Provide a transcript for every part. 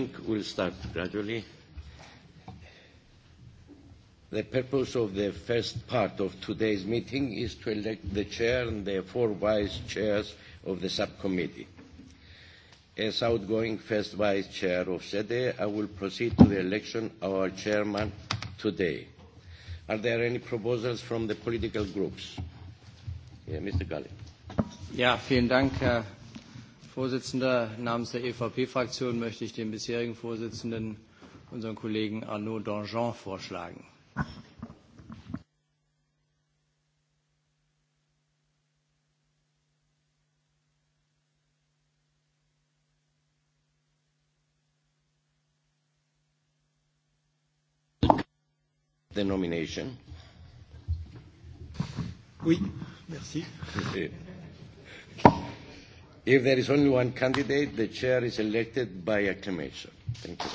morning. We'll start gradually. The purpose of the first part of today's meeting is to elect the chair and the four vice chairs of the subcommittee. As outgoing first vice chair of SEDE, e, I will proceed to the election of our chairman today. Are there any proposals from the political groups? Yeah, Mr. Galli. Yeah, vielen Dank, Vorsitzender. Namens der EVP-Fraktion möchte ich den bisherigen Vorsitzenden, unseren Kollegen Arnaud Dangean, vorschlagen. the nomination. Oui, merci. If there is only one candidate, the chair is elected by acclamation. Thank you.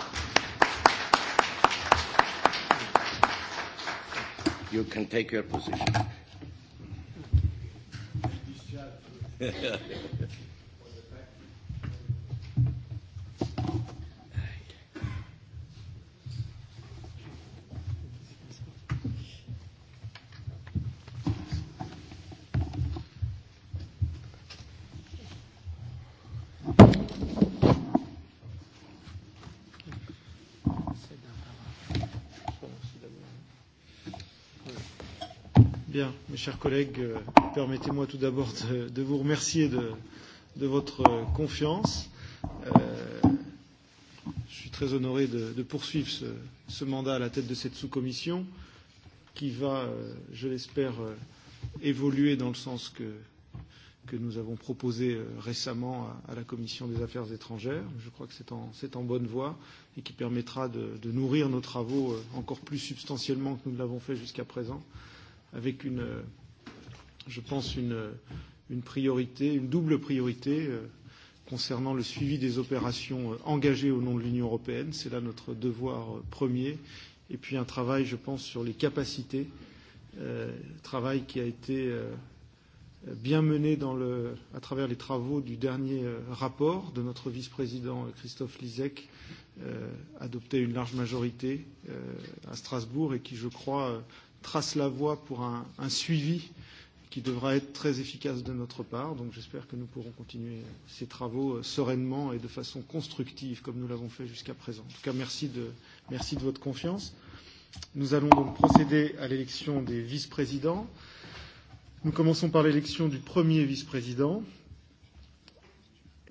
You can take your position. mes chers collègues, euh, permettez-moi tout d'abord de, de vous remercier de, de votre euh, confiance. Euh, je suis très honoré de, de poursuivre ce, ce mandat à la tête de cette sous-commission qui va, euh, je l'espère, évoluer dans le sens que, que nous avons proposé récemment à, à la Commission des affaires étrangères. Je crois que c'est en, en bonne voie et qui permettra de, de nourrir nos travaux encore plus substantiellement que nous ne l'avons fait jusqu'à présent avec une, euh, je pense, une, euh, une priorité, une double priorité euh, concernant le suivi des opérations euh, engagées au nom de l'Union européenne. C'est là notre devoir premier. Et puis un travail, je pense, sur les capacités, euh, travail qui a été euh, bien mené dans le, à travers les travaux du dernier rapport de notre vice-président Christophe Lisek, euh, adopté une large majorité euh, à Strasbourg et qui, je crois, trace la voie pour un, un suivi qui devra être très efficace de notre part. Donc j'espère que nous pourrons continuer ces travaux euh, sereinement et de façon constructive comme nous l'avons fait jusqu'à présent. En tout cas, merci de, merci de votre confiance. Nous allons donc procéder à l'élection des vice-présidents. Nous commençons par l'élection du premier vice-président.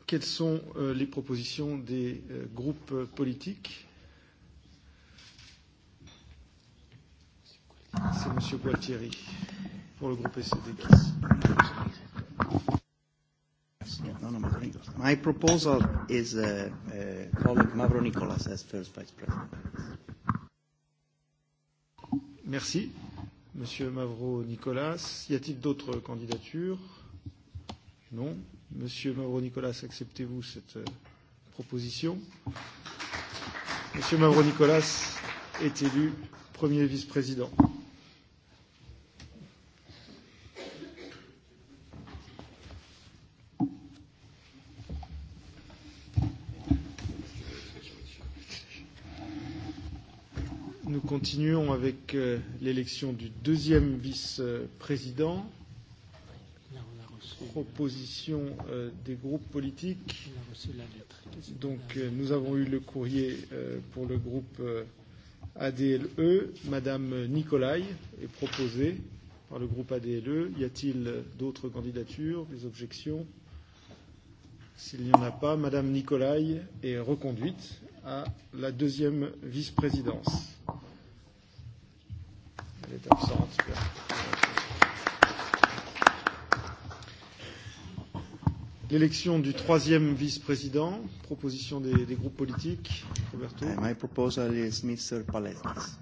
Quelles sont euh, les propositions des euh, groupes politiques C'est Monsieur Gualtieri pour le groupe SED. No, no, My proposal is uh, uh, colleague Mavro Nicolas as first vice president. Merci, Monsieur Mavro Nicolas. Y a-t-il d'autres candidatures Non. Monsieur Mavro Nicolas, acceptez-vous cette euh, proposition Monsieur Mavro Nicolas est élu premier vice-président. continuons avec euh, l'élection du deuxième vice-président. Proposition euh, des groupes politiques. Donc euh, nous avons eu le courrier euh, pour le groupe euh, ADLE. Madame Nicolai est proposée par le groupe ADLE. Y a-t-il d'autres candidatures, des objections S'il n'y en a pas, Madame Nicolai est reconduite à la deuxième vice-présidence. Elle est absente. L'élection du troisième vice-président, proposition des, des groupes politiques. Roberto. Uh, my proposal is Mr. Paletskis.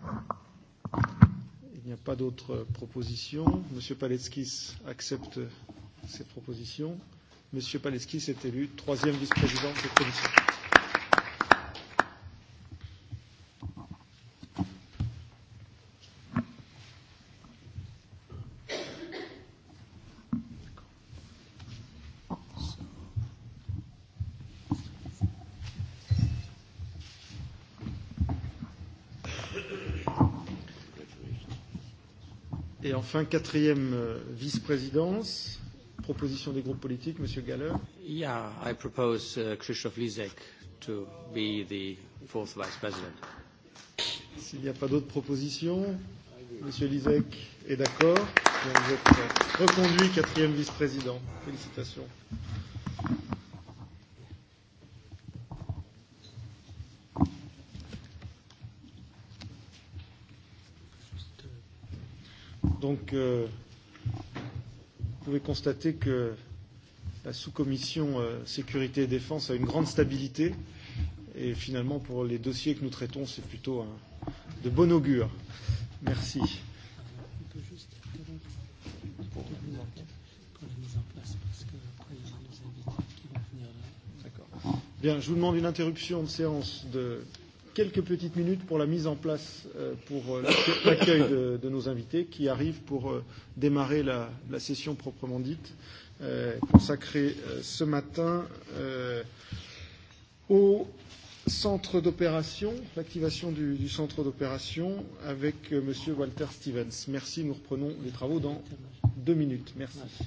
Il n'y a pas d'autres propositions. Monsieur Paletskis accepte ces propositions. Monsieur Paletskis est élu troisième vice-président de cette commission. enfin, quatrième euh, vice-présidence, proposition des groupes politiques, Monsieur Galler. Yeah, I propose uh, Krzysztof Lisek to be the fourth vice president. S'il n'y a pas d'autres propositions, Monsieur Lisek est d'accord. Vous êtes reconduit quatrième vice-président. Félicitations. que vous pouvez constater que la sous-commission euh, sécurité et défense a une grande stabilité. Et finalement, pour les dossiers que nous traitons, c'est plutôt un, de bon augure. Merci. Bien, je vous demande une interruption de séance de quelques petites minutes pour la mise en place, euh, pour euh, l'accueil de, de nos invités qui arrivent pour euh, démarrer la, la session proprement dite, euh, consacrée euh, ce matin euh, au centre d'opération, l'activation du, du centre d'opération avec euh, M. Walter Stevens. Merci, nous reprenons les travaux dans deux minutes. Merci. Merci.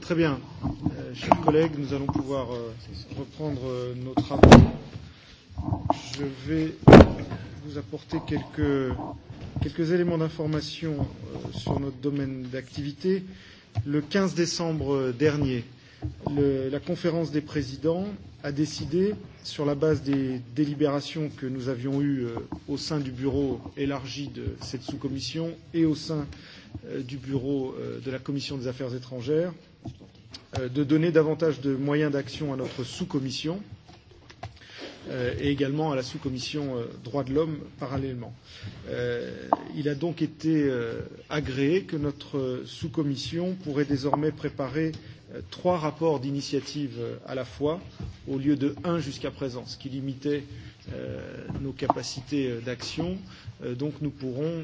Très bien. Euh, chers collègues, nous allons pouvoir euh, reprendre euh, nos travaux. Je vais vous apporter quelques, quelques éléments d'information euh, sur notre domaine d'activité. Le 15 décembre euh, dernier, le, la conférence des présidents a décidé, sur la base des délibérations que nous avions eues euh, au sein du bureau élargi de cette sous-commission et au sein euh, Euh, du bureau euh, de la Commission des affaires étrangères euh, de donner davantage de moyens d'action à notre sous-commission et également à la sous-commission droits de l'homme parallèlement. Il a donc été agréé que notre sous-commission pourrait désormais préparer trois rapports d'initiative à la fois au lieu de un jusqu'à présent, ce qui limitait euh, Euh, nos capacités euh, d'action, euh, donc nous pourrons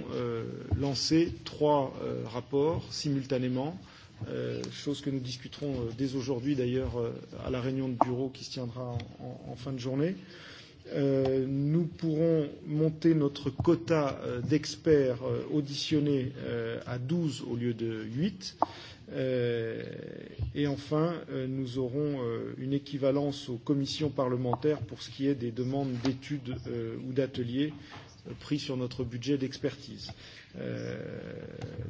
lancer trois rapports simultanément, chose que nous discuterons dès aujourd'hui d'ailleurs à la réunion de bureau qui se tiendra en, fin de journée. nous pourrons monter notre quota d'experts auditionnés à 12 au lieu de 8. Euh, et enfin, euh, nous aurons euh, une équivalence aux commissions parlementaires pour ce qui est des demandes d'études euh, ou d'ateliers euh, pris sur notre budget d'expertise. Euh,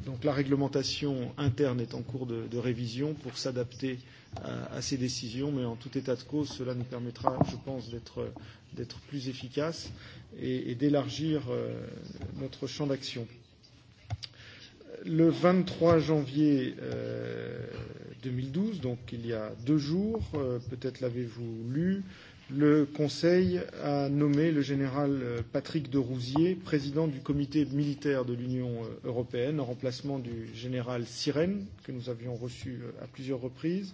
donc la réglementation interne est en cours de, de révision pour s'adapter à, à ces décisions, mais en tout état de cause, cela nous permettra, je pense, d'être plus efficaces et, et d'élargir euh, notre champ d'action. Euh, le 23 janvier euh, 2012, donc il y a deux jours, euh, peut-être l'avez-vous lu, le Conseil a nommé le général euh, Patrick de Rousier président du comité militaire de l'Union euh, européenne en remplacement du général Sirène que nous avions reçu euh, à plusieurs reprises.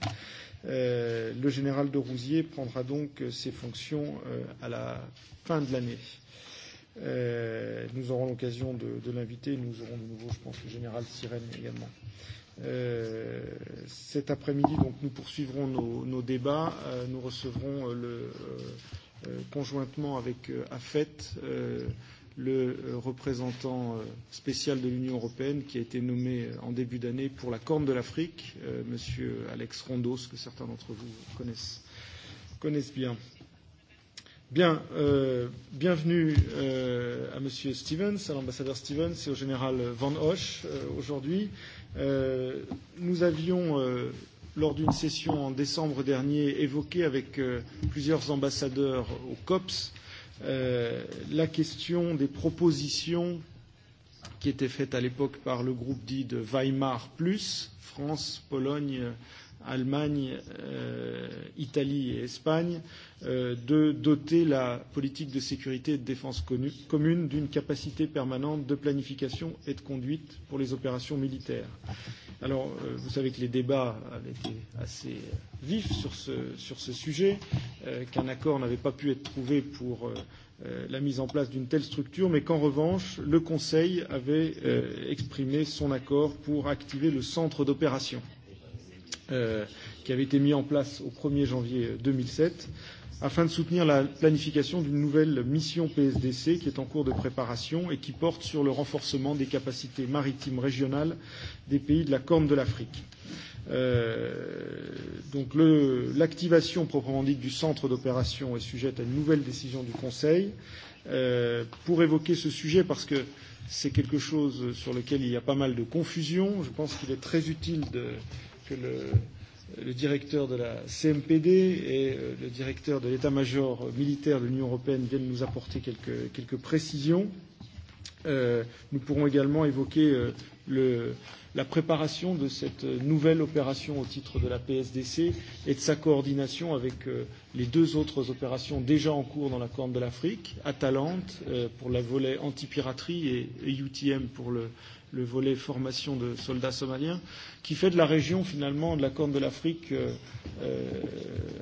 Euh, le général de Rousier prendra donc ses fonctions euh, à la fin de l'année. Euh, nous aurons l'occasion de, de l'inviter. Nous aurons de nouveau, je pense, le général Sirène également. Euh, cet après-midi, donc, nous poursuivrons nos, nos débats. Euh, nous recevrons euh, le, euh, euh conjointement avec euh, AFET euh, le euh, représentant euh, spécial de l'Union européenne qui a été nommé euh, en début d'année pour la Corne de l'Afrique, euh, Monsieur Alex Rondos, que certains d'entre vous connaissent, connaissent bien. Bien, euh, bienvenue euh, à Monsieur Stevens, à l'ambassadeur Stevens et au général Van Hoche euh, aujourd'hui. Euh, nous avions, euh, lors d'une session en décembre dernier, évoqué avec euh, plusieurs ambassadeurs au COPS euh, la question des propositions qui étaient faites à l'époque par le groupe dit de Weimar Plus, France, Pologne, euh, Allemagne, euh, Italie et Espagne, euh, de doter la politique de sécurité et de défense connue, commune d'une capacité permanente de planification et de conduite pour les opérations militaires. Alors, euh, vous savez que les débats avaient été assez vifs sur ce, sur ce sujet, euh, qu'un accord n'avait pas pu être trouvé pour euh, euh la mise en place d'une telle structure, mais qu'en revanche, le Conseil avait euh, exprimé son accord pour activer le centre d'opération. Euh, qui avait été mis en place au 1er janvier 2007 afin de soutenir la planification d'une nouvelle mission PSDC qui est en cours de préparation et qui porte sur le renforcement des capacités maritimes régionales des pays de la Corne de l'Afrique. Euh, donc l'activation proprement dite du centre d'opération est sujette à une nouvelle décision du Conseil. Euh, pour évoquer ce sujet, parce que c'est quelque chose sur lequel il y a pas mal de confusion, je pense qu'il est très utile de, euh, que le, le directeur de la CMPD et euh, le directeur de l'état-major militaire de l'Union européenne viennent nous apporter quelques, quelques précisions. Euh, nous pourrons également évoquer euh, le, la préparation de cette nouvelle opération au titre de la PSDC et de sa coordination avec euh, les deux autres opérations déjà en cours dans la Corne de l'Afrique, Atalante euh, pour la volet antipiraterie et, et UTM pour le, le volet formation de soldats somaliens, qui fait de la région finalement de la Corne de l'Afrique euh, euh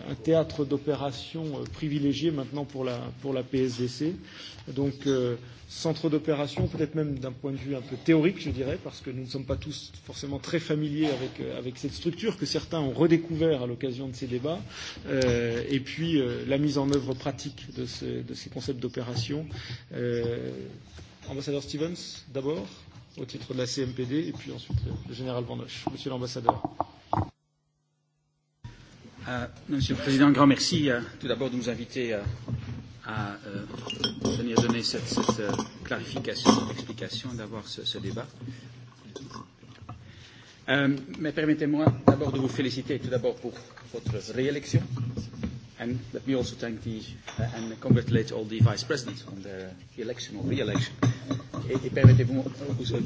un théâtre d'opération euh, privilégié maintenant pour la, pour la PSDC. Donc euh, centre d'opération, peut-être même d'un point de vue un peu théorique, je dirais, parce que nous ne sommes pas tous forcément très familiers avec, euh, avec cette structure que certains ont redécouvert à l'occasion de ces débats, euh, et puis euh, la mise en œuvre pratique de, ce, de ces concepts d'opération. Euh, ambassadeur Stevens, d'abord au titre de la CMPD et puis ensuite le général Vandoche. Monsieur l'ambassadeur. Euh, Monsieur le Président, grand merci euh, tout d'abord de nous inviter euh, à euh, venir donner cette, cette euh, clarification, cette explication, d'avoir ce, ce débat. Euh, mais permettez-moi d'abord de vous féliciter tout d'abord pour votre réélection. And let me also thank the, uh, and congratulate all the vice presidents on their uh, election or re-election. Et, et permettez-moi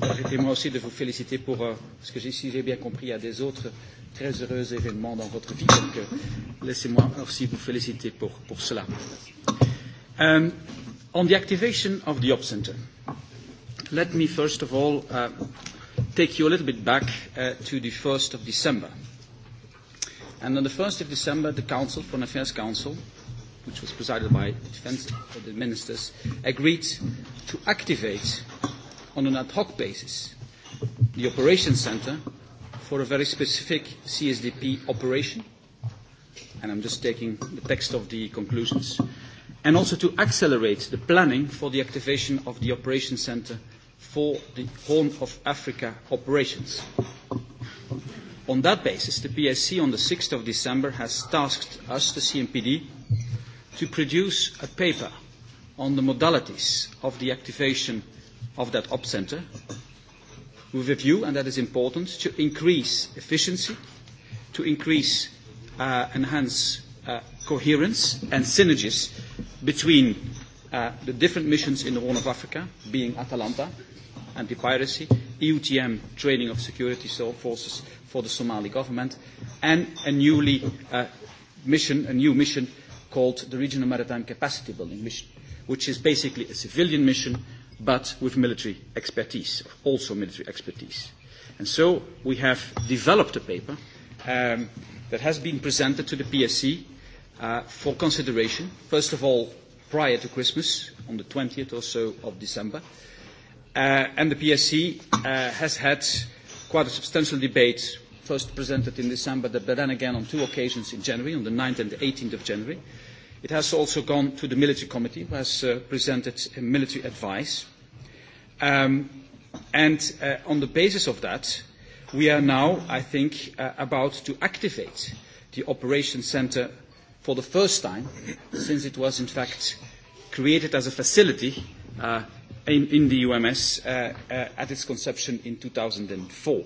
permettez aussi de vous féliciter pour uh que, si j'ai bien compris, il y a des autres très heureux événements dans votre vie. Donc, euh, laissez-moi aussi vous féliciter pour, pour cela. Um, on the activation of the op center, let me first of all uh, take you a little bit back uh, to the 1st of December. And on the 1st of December, the Council, Foreign Affairs Council, which was presided by the defense the ministers, agreed to activate on an ad hoc basis the operations center for a very specific CSDP operation. And I'm just taking the text of the conclusions. And also to accelerate the planning for the activation of the operations center for the Horn of Africa operations. On that basis, the PSC on the 6th of December has tasked us, the CMPD, to produce a paper on the modalities of the activation of that op center with a view, and that is important, to increase efficiency, to increase, uh, enhance uh, coherence and synergies between uh, the different missions in the Horn of Africa, being Atalanta, anti-piracy, EUTM, training of security forces, for the Somali government, and a newly uh, mission, a new mission called the Regional Maritime Capacity Building Mission, which is basically a civilian mission but with military expertise, also military expertise. And so we have developed a paper um, that has been presented to the PSC uh, for consideration, first of all, prior to Christmas, on the 20th or so of December. Uh, and the PSC uh, has had quite a substantial debate first presented in December, but then again on two occasions in January, on the 9th and the 18th of January. It has also gone to the Military Committee, who has uh, presented military advice. Um, and uh, on the basis of that, we are now, I think, uh, about to activate the Operation Centre for the first time since it was, in fact, created as a facility uh, in, in the UMS uh, uh, at its conception in 2004.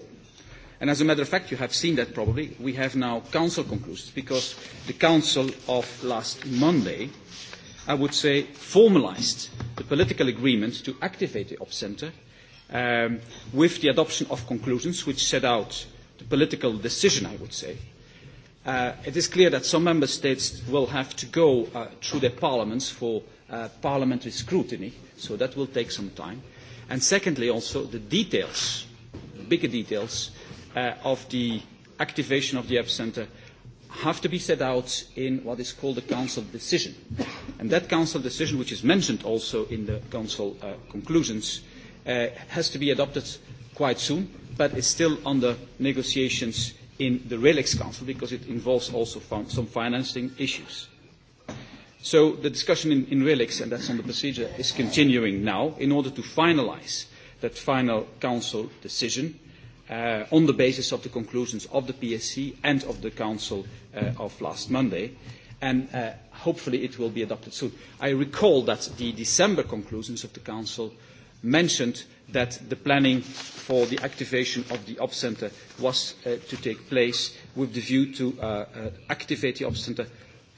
And as a matter of fact, you have seen that probably. We have now council conclusions because the council of last Monday, I would say, formalized the political agreement to activate the op center um, with the adoption of conclusions which set out the political decision, I would say. Uh, it is clear that some member states will have to go uh, through their parliaments for uh, parliamentary scrutiny, so that will take some time. And secondly, also the details, the bigger details, uh, of the activation of the epicenter have to be set out in what is called the Council decision. And that Council decision, which is mentioned also in the Council uh, conclusions, uh, has to be adopted quite soon, but is still under negotiations in the RELEX Council because it involves also some financing issues. So the discussion in, in RELEX, and that's on the procedure, is continuing now in order to finalize that final Council decision uh, on the basis of the conclusions of the PSC and of the Council uh, of last Monday, and uh, hopefully it will be adopted soon. I recall that the December conclusions of the Council mentioned that the planning for the activation of the op centre was uh, to take place with the view to uh, uh, activate the op centre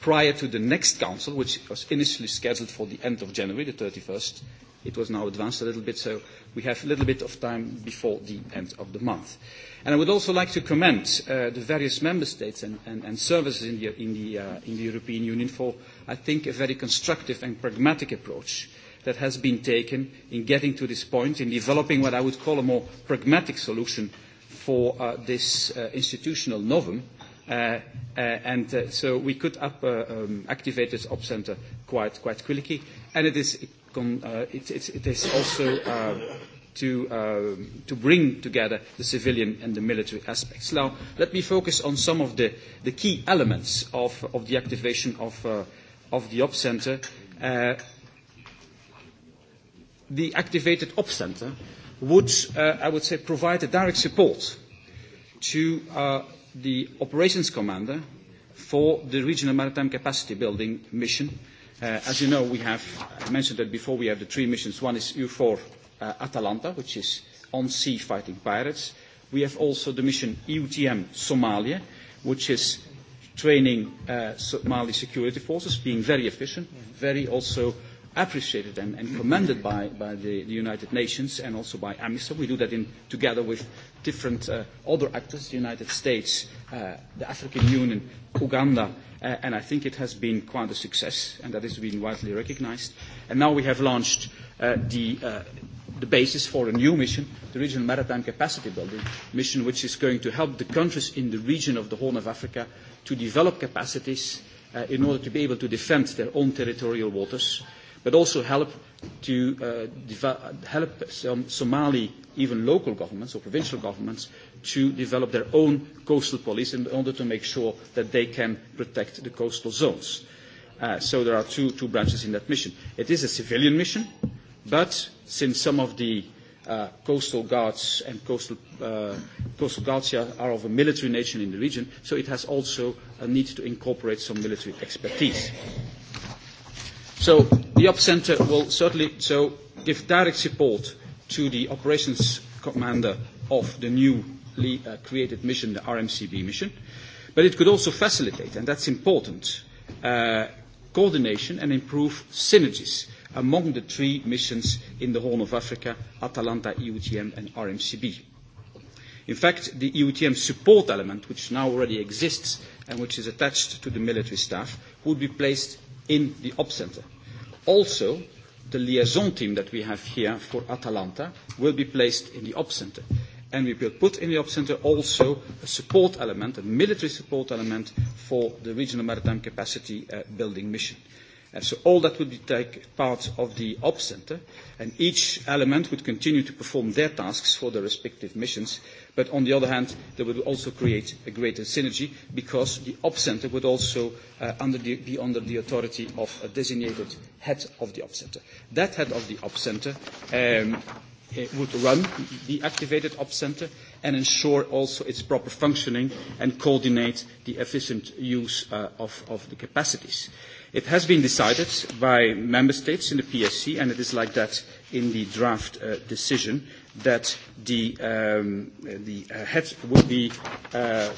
prior to the next council, which was initially scheduled for the end of January, the 31st, It was now advanced a little bit, so we have a little bit of time before the end of the month. And I would also like to commend uh, the various member states and, and, and services in the, in, the, uh, in the European Union for, I think, a very constructive and pragmatic approach that has been taken in getting to this point, in developing what I would call a more pragmatic solution for uh, this uh, institutional novum. Uh, uh, and uh, so we could up, uh, um, activate this op center quite, quite quickly. And it is, it, uh, it, it, it is also uh, to, uh, to bring together the civilian and the military aspects. Now, let me focus on some of the, the key elements of, of the activation of, uh, of the op center. Uh, the activated op center would, uh, I would say, provide a direct support to uh, the operations commander for the regional maritime capacity building mission Uh, as you know, we have mentioned that before. We have the three missions. One is U4 uh, Atalanta, which is on sea fighting pirates. We have also the mission EUTM Somalia, which is training uh, Somali security forces, being very efficient, very also appreciated and, and commended by, by the, the United Nations and also by AMISA. We do that in, together with different uh, other actors, the United States, uh, the African Union, Uganda, uh, and I think it has been quite a success, and that has been widely recognized. And now we have launched uh, the, uh, the basis for a new mission, the Regional Maritime Capacity Building mission, which is going to help the countries in the region of the Horn of Africa to develop capacities uh, in order to be able to defend their own territorial waters but also help to uh, help some Somali, even local governments or provincial governments, to develop their own coastal police in order to make sure that they can protect the coastal zones. Uh, so there are two, two branches in that mission. It is a civilian mission, but since some of the uh, coastal guards and coastal, uh, coastal guards here are of a military nature in the region, so it has also a need to incorporate some military expertise. So the op center will certainly so give direct support to the operations commander of the newly uh, created mission, the RMCB mission, but it could also facilitate, and that's important, uh, coordination and improve synergies among the three missions in the Horn of Africa, Atalanta, EUTM and RMCB. In fact, the EUTM support element, which now already exists and which is attached to the military staff, would be placed in the op center. Also, the liaison team that we have here for Atalanta will be placed in the op center. And we will put in the op center also a support element, a military support element for the regional maritime capacity uh, building mission. And so all that would be take part of the op center, and each element would continue to perform their tasks for their respective missions But on the other hand, they would also create a greater synergy because the op center would also uh, under the, be under the authority of a designated head of the op center. That head of the op center um, eh, would run the activated op center and ensure also its proper functioning and coordinate the efficient use uh, of, of the capacities. It has been decided by member states in the PSC and it is like that in the draft uh, decision that the, um, the uh, head will be uh, uh,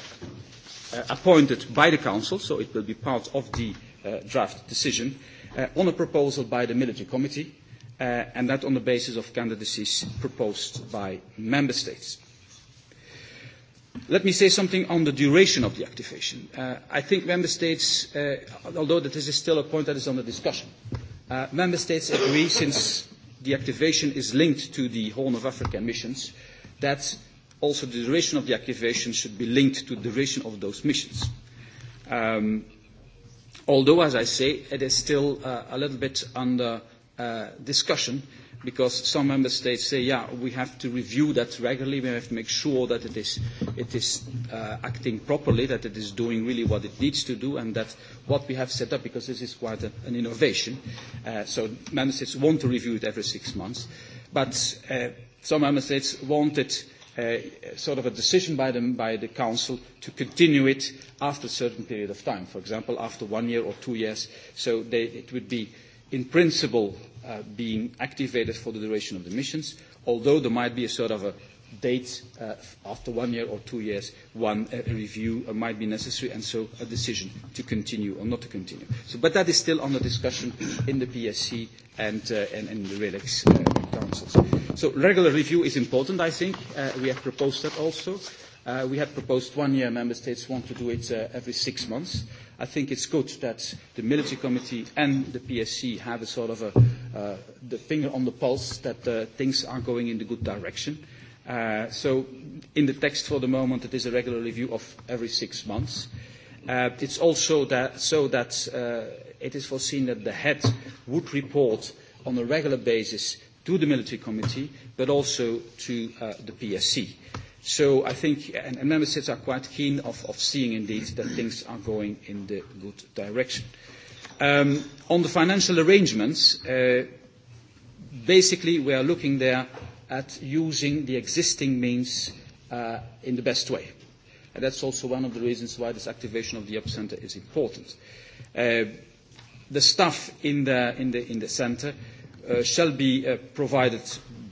appointed by the Council, so it will be part of the uh, draft decision, uh, on a proposal by the Military Committee, uh, and that on the basis of candidacies proposed by Member States. Let me say something on the duration of the activation. Uh, I think Member States, uh, although this is still a point that is under discussion, uh, Member States agree since the activation is linked to the Horn of Africa missions, that also the duration of the activation should be linked to the duration of those missions. Um, although, as I say, it is still uh, a little bit under uh, discussion because some member states say, yeah, we have to review that regularly, we have to make sure that it is, it is uh, acting properly, that it is doing really what it needs to do, and that what we have set up, because this is quite a, an innovation, uh, so member states want to review it every six months, but uh, some member states want it uh, sort of a decision by, them, by the Council to continue it after a certain period of time, for example, after one year or two years. So they, it would be, in principle, uh, being activated for the duration of the missions, although there might be a sort of a date uh, after one year or two years, one uh, review uh, might be necessary, and so a decision to continue or not to continue. So, but that is still under discussion in the PSC and, uh, and in the RELEX uh, councils. So regular review is important, I think. Uh, we have proposed that also. Uh, we had proposed one year, member states want to do it uh, every six months. I think it's good that the military committee and the PSC have a sort of a uh, the finger on the pulse that uh, things are going in the good direction. Uh, so in the text for the moment, it is a regular review of every six months. Uh, it's also that, so that uh, it is foreseen that the head would report on a regular basis to the military committee, but also to uh, the PSC. So I think, and, and member states are quite keen of, of seeing indeed that things are going in the good direction. Um, on the financial arrangements, uh, basically we are looking there at using the existing means uh, in the best way. And that's also one of the reasons why this activation of the Up Center is important. Uh, the staff in the, in the, in the center uh, shall be uh, provided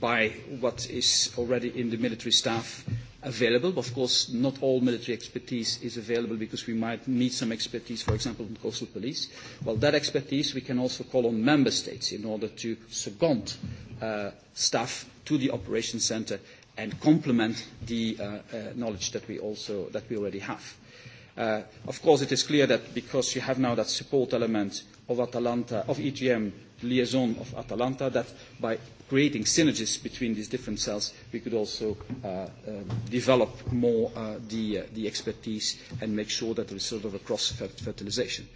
by what is already in the military staff available. Of course, not all military expertise is available because we might need some expertise, for example, in coastal police. Well, that expertise we can also call on member states in order to second uh, staff to the operation center and complement the uh, uh, knowledge that we, also, that we already have. Uh, of course, it is clear that because you have now that support element of Atalanta, of EGM, liaison of Atalanta, that by creating synergies between these different cells, we could also uh, um, develop more uh, the, uh, the expertise and make sure that there is sort of a cross-fertilization.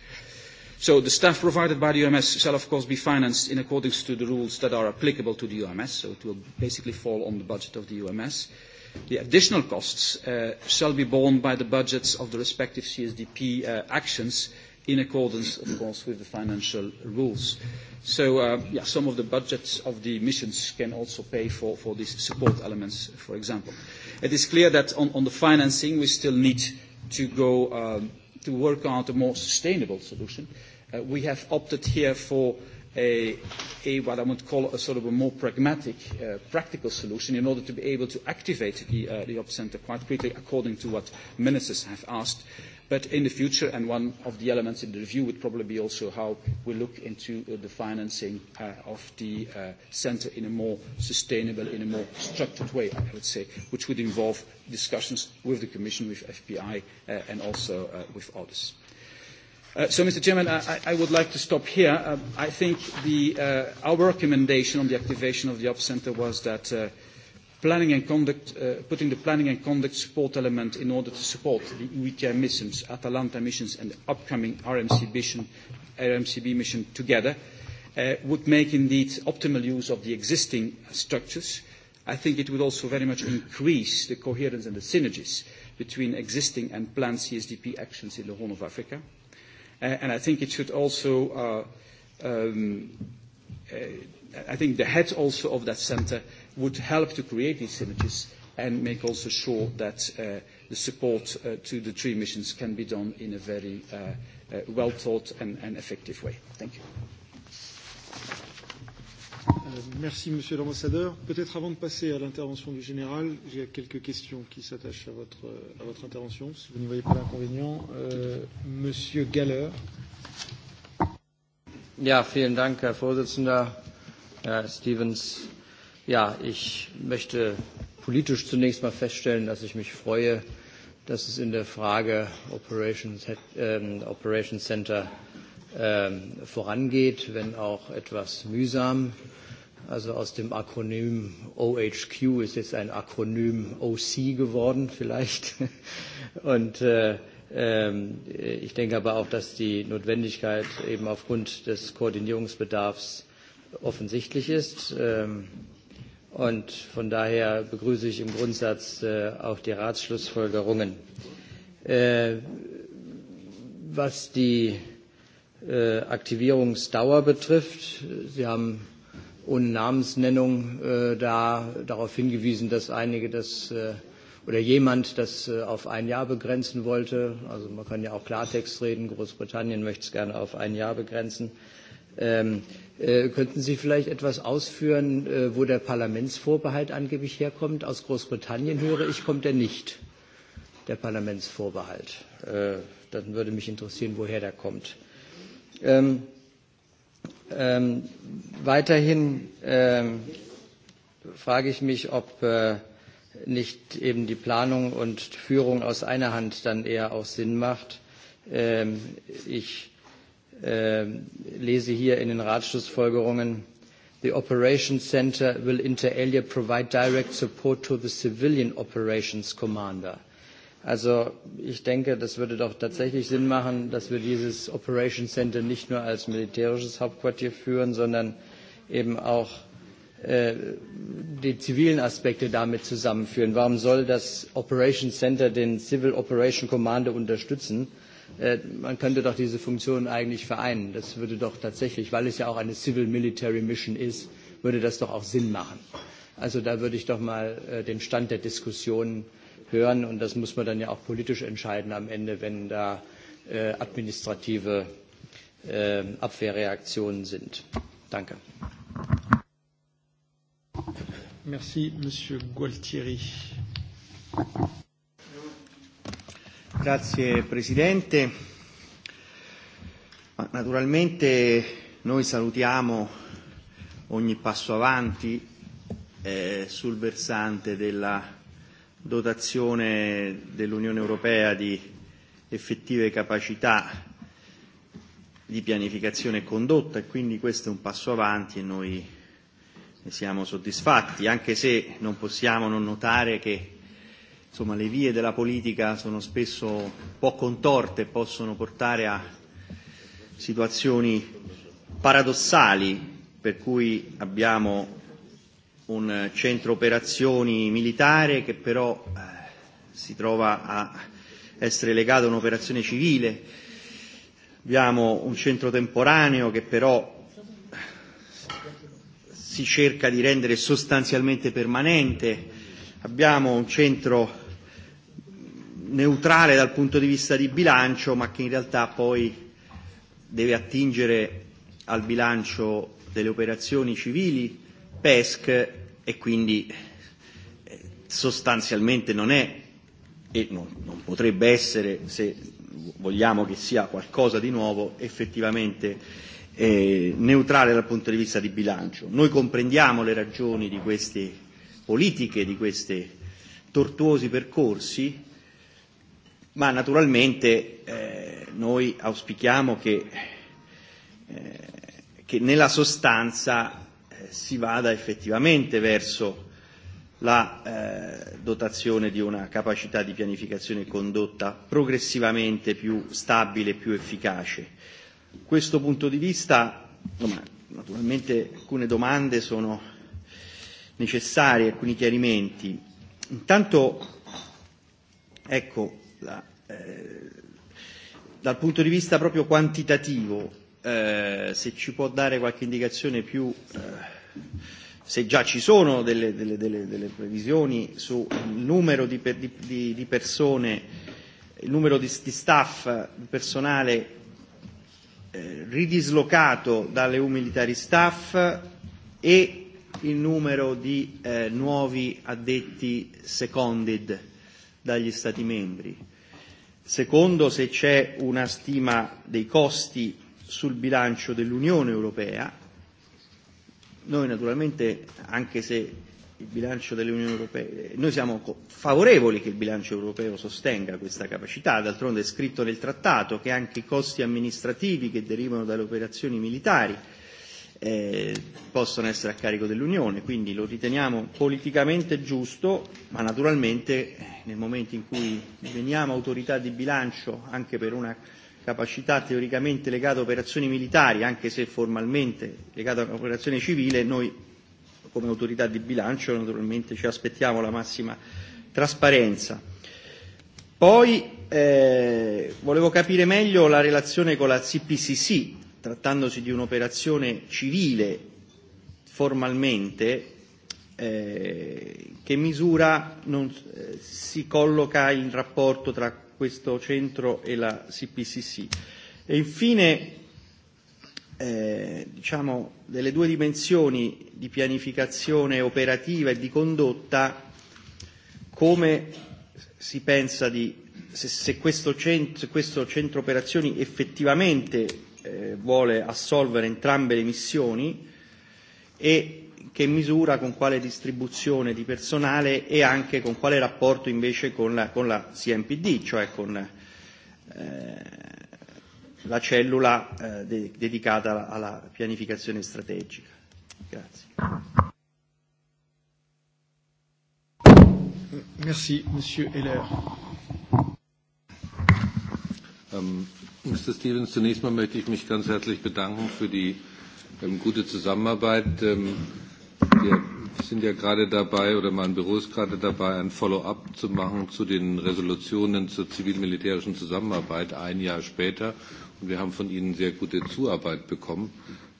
So the staff provided by the UMS shall of course be financed in accordance to the rules that are applicable to the UMS, so it will basically fall on the budget of the UMS. The additional costs uh, shall be borne by the budgets of the respective CSDP uh, actions in accordance, of course, with the financial rules. So, uh, yeah, some of the budgets of the missions can also pay for, for these support elements, for example. It is clear that on, on the financing, we still need to go um, to work out a more sustainable solution. Uh, we have opted here for a, a, what I would call a sort of a more pragmatic, uh, practical solution in order to be able to activate the, uh, the op center quite quickly according to what ministers have asked. Uh, But in the future, and one of the elements in the review would probably be also how we look into uh, the financing uh, of the uh, centre in a more sustainable, in a more structured way, I would say, which would involve discussions with the Commission, with FBI uh, and also uh, with others. Uh, so, Mr. Chairman, I, I would like to stop here. Uh, I think the, uh, our recommendation on the activation of the op centre was that uh, planning and conduct, uh, putting the planning and conduct support element in order to support the UETI missions, Atalanta missions and the upcoming RMC mission, RMCB mission together uh, would make indeed optimal use of the existing structures. I think it would also very much increase the coherence and the synergies between existing and planned CSDP actions in the Horn of Africa. Uh, and I think it should also, uh, um, uh, I think the head also of that center would help to create these synergies and make also sure that uh, the support uh, to the three missions can be done in a very uh, uh, well thought and, and effective way. Thank you. Euh, merci, Monsieur l'Ambassadeur. Peut-être avant de passer à l'intervention du général, j'ai quelques questions qui s'attachent à votre, à votre intervention, si vous n'y voyez pas d'inconvénient. Euh, Monsieur Galler. Ja, vielen Dank, Herr Vorsitzender. Herr äh, Stevens Ja, ich möchte politisch zunächst mal feststellen, dass ich mich freue, dass es in der Frage Operations, äh, Operation Center äh, vorangeht, wenn auch etwas mühsam. Also aus dem Akronym OHQ ist jetzt ein Akronym OC geworden vielleicht. Und äh, äh, ich denke aber auch, dass die Notwendigkeit eben aufgrund des Koordinierungsbedarfs offensichtlich ist. Äh, Und von daher begrüße ich im Grundsatz äh, auch die Ratsschlussfolgerungen. Äh, was die äh, Aktivierungsdauer betrifft, Sie haben ohne Namensnennung äh, da darauf hingewiesen, dass einige das äh, oder jemand das äh, auf ein Jahr begrenzen wollte. Also man kann ja auch Klartext reden. Großbritannien möchte es gerne auf ein Jahr begrenzen. Ähm, Äh, könnten Sie vielleicht etwas ausführen, äh, wo der Parlamentsvorbehalt angeblich herkommt? Aus Großbritannien höre ich, kommt er nicht, der Parlamentsvorbehalt. Äh, dann würde mich interessieren, woher der kommt. Ähm, ähm, weiterhin ähm, frage ich mich, ob äh, nicht eben die Planung und Führung aus einer Hand dann eher auch Sinn macht. Ähm, ich äh, lese hier in den Ratsschlussfolgerungen, the Operations Center will inter alia provide direct support to the civilian operations commander. Also ich denke, das würde doch tatsächlich Sinn machen, dass wir dieses Operations Center nicht nur als militärisches Hauptquartier führen, sondern eben auch äh, die zivilen Aspekte damit zusammenführen. Warum soll das Operation Center den Civil Operation Commander unterstützen? Äh, man könnte doch diese Funktionen eigentlich vereinen. Das würde doch tatsächlich, weil es ja auch eine Civil-Military-Mission ist, würde das doch auch Sinn machen. Also da würde ich doch mal äh, den Stand der Diskussion hören und das muss man dann ja auch politisch entscheiden am Ende, wenn da äh, administrative äh, Abwehrreaktionen sind. Danke. Merci, Monsieur Gualtieri. Grazie Presidente. Naturalmente noi salutiamo ogni passo avanti eh, sul versante della dotazione dell'Unione Europea di effettive capacità di pianificazione e condotta e quindi questo è un passo avanti e noi ne siamo soddisfatti, anche se non possiamo non notare che insomma, le vie della politica sono spesso un po' contorte e possono portare a situazioni paradossali per cui abbiamo un centro operazioni militare che però eh, si trova a essere legato a un'operazione civile, abbiamo un centro temporaneo che però eh, si cerca di rendere sostanzialmente permanente, abbiamo un centro neutrale dal punto di vista di bilancio, ma che in realtà poi deve attingere al bilancio delle operazioni civili, PESC, e quindi eh, sostanzialmente non è e non, non potrebbe essere, se vogliamo che sia qualcosa di nuovo, effettivamente eh, neutrale dal punto di vista di bilancio. Noi comprendiamo le ragioni di queste politiche, di questi tortuosi percorsi, ma naturalmente eh, noi auspichiamo che, eh, che nella sostanza eh, si vada effettivamente verso la eh, dotazione di una capacità di pianificazione condotta progressivamente più stabile e più efficace. Questo punto di vista, naturalmente alcune domande sono necessarie, alcuni chiarimenti. Intanto, ecco, la, eh, dal punto di vista proprio quantitativo, eh, se ci può dare qualche indicazione più, eh, se già ci sono delle, delle, delle, delle previsioni sul numero di, per, di, di, di persone, il numero di, di staff, di personale eh, ridislocato dalle EU military staff e il numero di eh, nuovi addetti seconded dagli Stati membri Secondo, se c'è una stima dei costi sul bilancio dell'Unione Europea, noi naturalmente, anche se il bilancio dell'Unione Europea, noi siamo favorevoli che il bilancio europeo sostenga questa capacità, d'altronde è scritto nel trattato che anche i costi amministrativi che derivano dalle operazioni militari eh, possono essere a carico dell'Unione, quindi lo riteniamo politicamente giusto, ma naturalmente eh, nel momento in cui diveniamo autorità di bilancio anche per una capacità teoricamente legata a operazioni militari, anche se formalmente legata a un'operazione civile, noi come autorità di bilancio naturalmente ci aspettiamo la massima trasparenza. Poi eh, volevo capire meglio la relazione con la CPCC, trattandosi di un'operazione civile formalmente eh, che misura non, eh, si colloca in rapporto tra questo centro e la CPCC. E infine, eh, diciamo, delle due dimensioni di pianificazione operativa e di condotta, come si pensa di se, se, questo, centro, se questo centro operazioni effettivamente eh, vuole assolvere entrambe le missioni e che misura con quale distribuzione di personale e anche con quale rapporto invece con la, con la CMPD, cioè con eh, la cellula eh, de- dedicata alla, alla pianificazione strategica. Grazie. Merci, Monsieur Heller. Mr. Ähm, Stevens, zunächst mal möchte ich mich ganz herzlich bedanken für die ähm, gute Zusammenarbeit. Ähm, wir sind ja gerade dabei, oder mein Büro ist gerade dabei, ein Follow-up zu machen zu den Resolutionen zur zivil-militärischen Zusammenarbeit ein Jahr später. Und wir haben von Ihnen sehr gute Zuarbeit bekommen.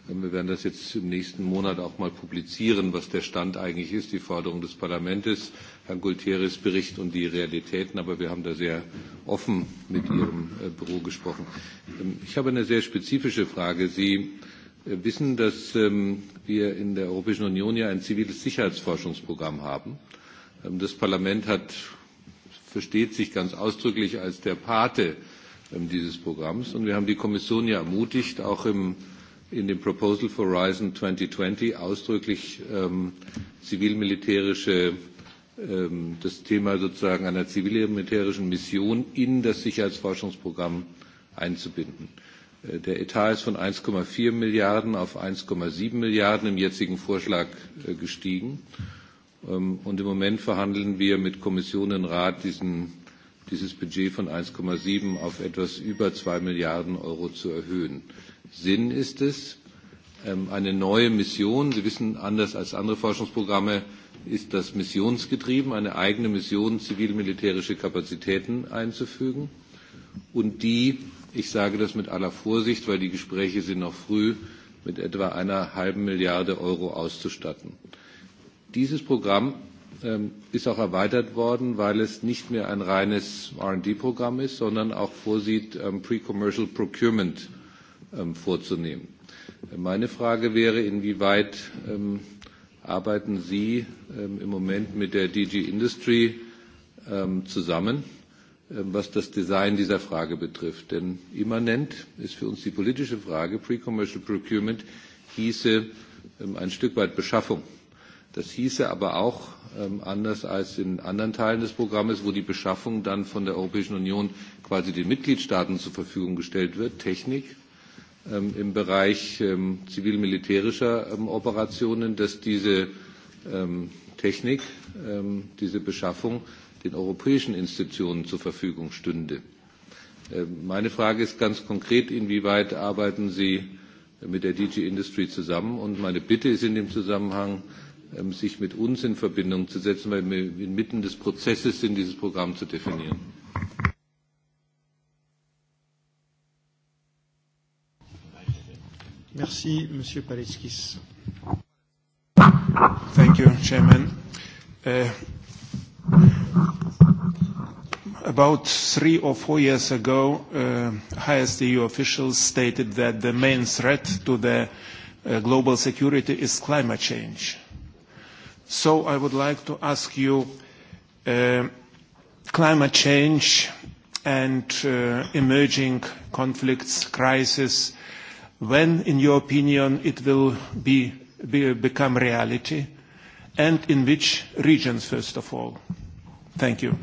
Wir werden das jetzt im nächsten Monat auch mal publizieren, was der Stand eigentlich ist, die Forderung des Parlaments, Herrn Gulteris Bericht und die Realitäten. Aber wir haben da sehr offen mit Ihrem äh, Büro gesprochen. Ähm, ich habe eine sehr spezifische Frage. Sie äh, wissen, dass ähm, wir in der Europäischen Union ja ein ziviles Sicherheitsforschungsprogramm haben. Ähm, das Parlament hat, versteht sich ganz ausdrücklich als der Pate dieses Programms. Und wir haben die Kommission ja ermutigt, auch im in dem Proposal for Horizon 2020 ausdrücklich ähm, zivil-militärische ähm, das Thema sozusagen einer zivil-militärischen Mission in das Sicherheitsforschungsprogramm einzubinden. Äh, der Etat ist von 1,4 Milliarden auf 1,7 Milliarden im jetzigen Vorschlag äh, gestiegen. Ähm, und im Moment verhandeln wir mit Kommission und Rat diesen, dieses Budget von 1,7 auf etwas über 2 Milliarden Euro zu erhöhen. Sinn ist es, ähm, eine neue Mission, Sie wissen, anders als andere Forschungsprogramme ist das missionsgetrieben, eine eigene Mission zivil-militärische Kapazitäten einzufügen und die, ich sage das mit aller Vorsicht, weil die Gespräche sind noch früh, mit etwa einer halben Milliarde Euro auszustatten. Dieses Programm ähm, ist auch erweitert worden, weil es nicht mehr ein reines R&D-Programm ist, sondern auch vorsieht, ähm, Pre-Commercial Procurement Ähm, vorzunehmen. Meine Frage wäre, inwieweit ähm, arbeiten Sie ähm, im Moment mit der DG Industry zusammen, was das Design dieser Frage betrifft? Denn immanent ist für uns die politische Frage, Pre-Commercial Procurement hieße ein Stück weit Beschaffung. Das hieße aber auch, anders als in anderen Teilen des Programmes, wo die Beschaffung dann von der Europäischen Union quasi den Mitgliedstaaten zur Verfügung gestellt wird, Technik, ähm, im Bereich ähm, zivil-militärischer ähm, Operationen, dass diese ähm, Technik, ähm, diese Beschaffung den europäischen Institutionen zur Verfügung stünde. Ähm, meine Frage ist ganz konkret, inwieweit arbeiten Sie mit der DG Industry zusammen? Und meine Bitte ist in dem Zusammenhang, ähm, sich mit uns in Verbindung zu setzen, weil wir inmitten des Prozesses sind, dieses Programm zu definieren. Merci, Monsieur Paletskis. Thank you, Chairman. Uh, about three or four years ago, uh, highest EU officials stated that the main threat to the uh, global security is climate change. So I would like to ask you, uh, climate change and uh, emerging conflicts, crises, when, in your opinion, it will be, be, become reality, and in which regions, first of all? Thank you.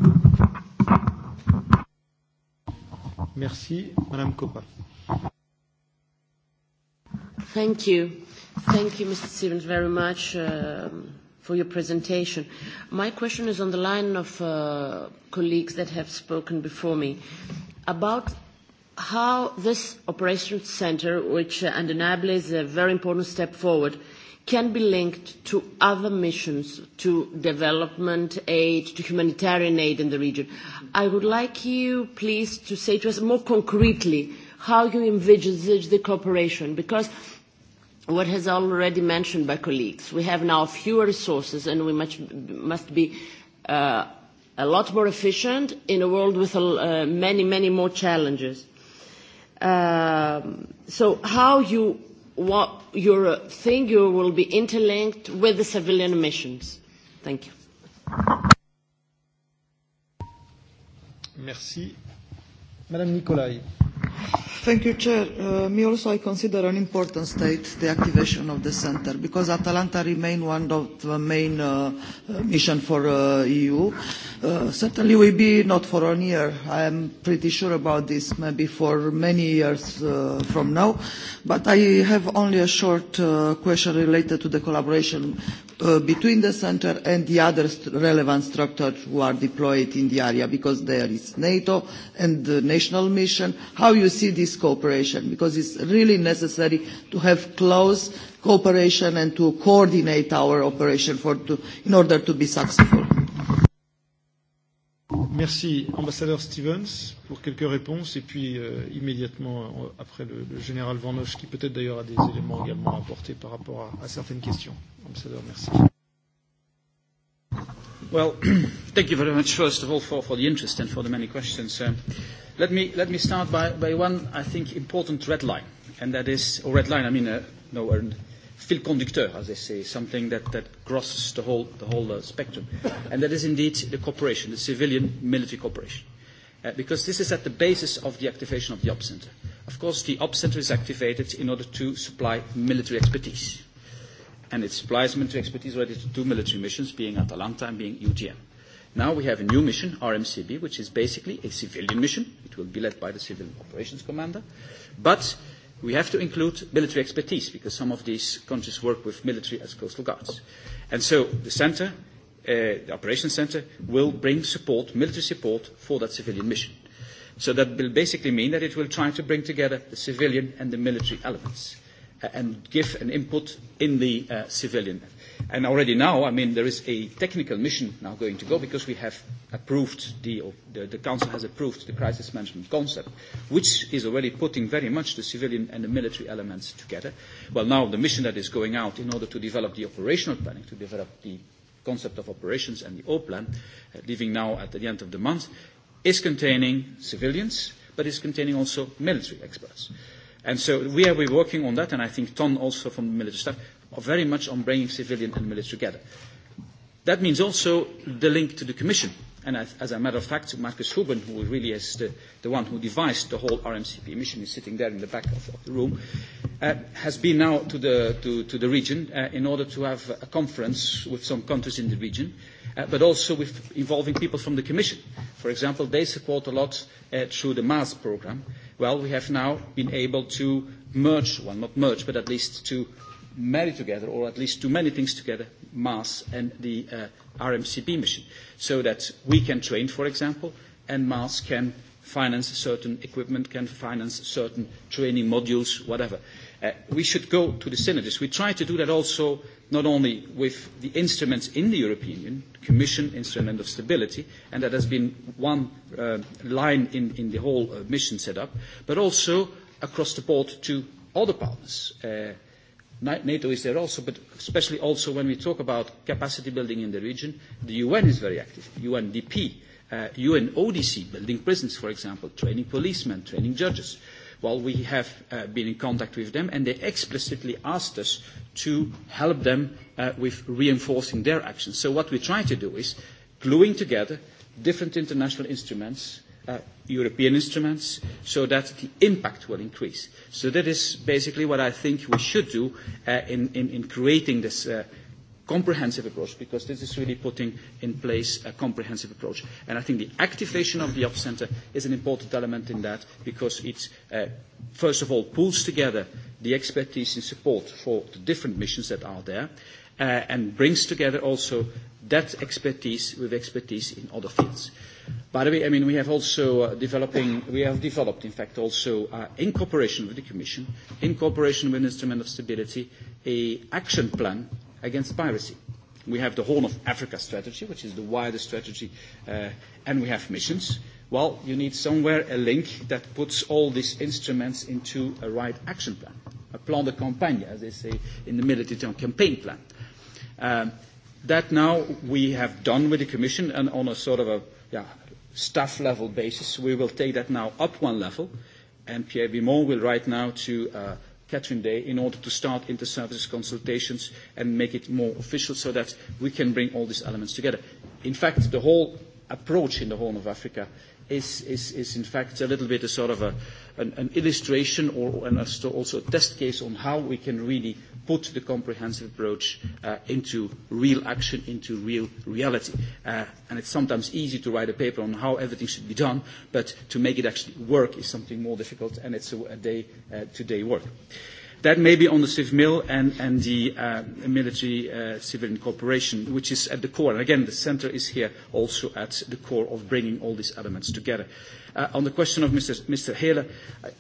Merci, Madame Coppa. Thank you. Thank you, Mr. Stevens, very much uh, for your presentation. My question is on the line of uh, colleagues that have spoken before me about how this operation center, which undeniably uh, is a very important step forward, can be linked to other missions, to development aid, to humanitarian aid in the region. I would like you, please, to say to us more concretely how you envisage the cooperation, because what has already mentioned by colleagues, we have now fewer resources and we much, must be uh, a lot more efficient in a world with uh, many, many more challenges. Um, so how you what you uh, think you will be interlinked with the civilian missions? Thank you. Merci. Madame Nicolai. Thank you, Chair. Uh, me also I consider an important state the activation of the center because Atalanta remain one of the main uh, uh mission for uh, EU. Uh, certainly will be not for one year. I am pretty sure about this, maybe for many years uh, from now. But I have only a short uh, question related to the collaboration uh, between the center and the other st relevant structures who are deployed in the area, because there is NATO and the national mission, how you see this cooperation, because it's really necessary to have close cooperation and to coordinate our operation for to, in order to be successful. Merci, ambassadeur Stevens, pour quelques réponses, et puis euh, immédiatement euh, après le, le général Van Hoche, qui peut-être d'ailleurs a des éléments également à apporter par rapport à, à certaines questions. Ambassadeur, merci. Well, thank you very much, first of all, for, for the interest and for the many questions. Uh, let, me, let me start by, by one, I think, important red line, and that is, or red line, I mean, uh, no, fil conducteur, as they say, something that, that crosses the whole, the whole uh, spectrum. And that is indeed the cooperation, the civilian military cooperation. Uh, because this is at the basis of the activation of the op center. Of course, the op center is activated in order to supply military expertise. And it supplies military expertise ready to do military missions, being Atalanta and being UTM. Now we have a new mission, RMCB, which is basically a civilian mission. It will be led by the Civil Operations Commander. But We have to include military expertise because some of these countries work with military as coastal guards. And so the center, uh, the operations center, will bring support, military support for that civilian mission. So that will basically mean that it will try to bring together the civilian and the military elements uh, and give an input in the uh, civilian. And already now, I mean, there is a technical mission now going to go because we have approved, the, the, the Council has approved the crisis management concept, which is already putting very much the civilian and the military elements together. Well, now the mission that is going out in order to develop the operational planning, to develop the concept of operations and the O plan, uh, leaving now at the end of the month, is containing civilians, but is containing also military experts. And so we are working on that, and I think Ton also from the military staff very much on bringing civilian and military together. That means also the link to the Commission. And as, as a matter of fact, Marcus Huben, who really is the, the one who devised the whole RMCP mission, is sitting there in the back of, of the room, uh, has been now to the, to, to the region uh, in order to have a conference with some countries in the region, uh, but also with involving people from the Commission. For example, they support a lot uh, through the MAS program. Well, we have now been able to merge, well, not merge, but at least to marry together, or at least do many things together, MAS and the uh, RMCP mission, so that we can train, for example, and MAS can finance certain equipment, can finance certain training modules, whatever. Uh, we should go to the synergies. We try to do that also not only with the instruments in the European Union, Commission Instrument of Stability, and that has been one uh, line in, in the whole uh, mission setup, but also across the board to other partners. Uh, NATO is there also, but especially also when we talk about capacity building in the region, the UN is very active, UNDP, uh, UNODC, building prisons, for example, training policemen, training judges. Well, we have uh, been in contact with them, and they explicitly asked us to help them uh, with reinforcing their actions. So what we try to do is gluing together different international instruments uh, European instruments so that the impact will increase. So that is basically what I think we should do uh, in, in, in creating this uh, comprehensive approach because this is really putting in place a comprehensive approach. And I think the activation of the op center is an important element in that because it, uh, first of all, pulls together the expertise and support for the different missions that are there uh, and brings together also that expertise with expertise in other fields. By the way, I mean, we have also uh, developing, we have developed, in fact, also uh, in cooperation with the Commission, in cooperation with the Instrument of Stability, a action plan against piracy. We have the Horn of Africa strategy, which is the wider strategy, uh, and we have missions. Well, you need somewhere a link that puts all these instruments into a right action plan a plan de campagne, as they say in the term, campaign plan. Um, that now we have done with the Commission and on a sort of a yeah, staff level basis. We will take that now up one level and Pierre Bimon will write now to uh, Catherine Day in order to start inter-services consultations and make it more official so that we can bring all these elements together. In fact, the whole approach in the Horn of Africa is, is, is in fact a little bit a sort of a, an, an illustration or and a, also a test case on how we can really put the comprehensive approach uh, into real action, into real reality. Uh, and it's sometimes easy to write a paper on how everything should be done, but to make it actually work is something more difficult, and it's a, a day-to-day uh, -day work. That may be on the civil mill and, and the uh, military uh, civilian cooperation, which is at the core. And again, the center is here also at the core of bringing all these elements together. Uh, on the question of Mr. Mr. Hale,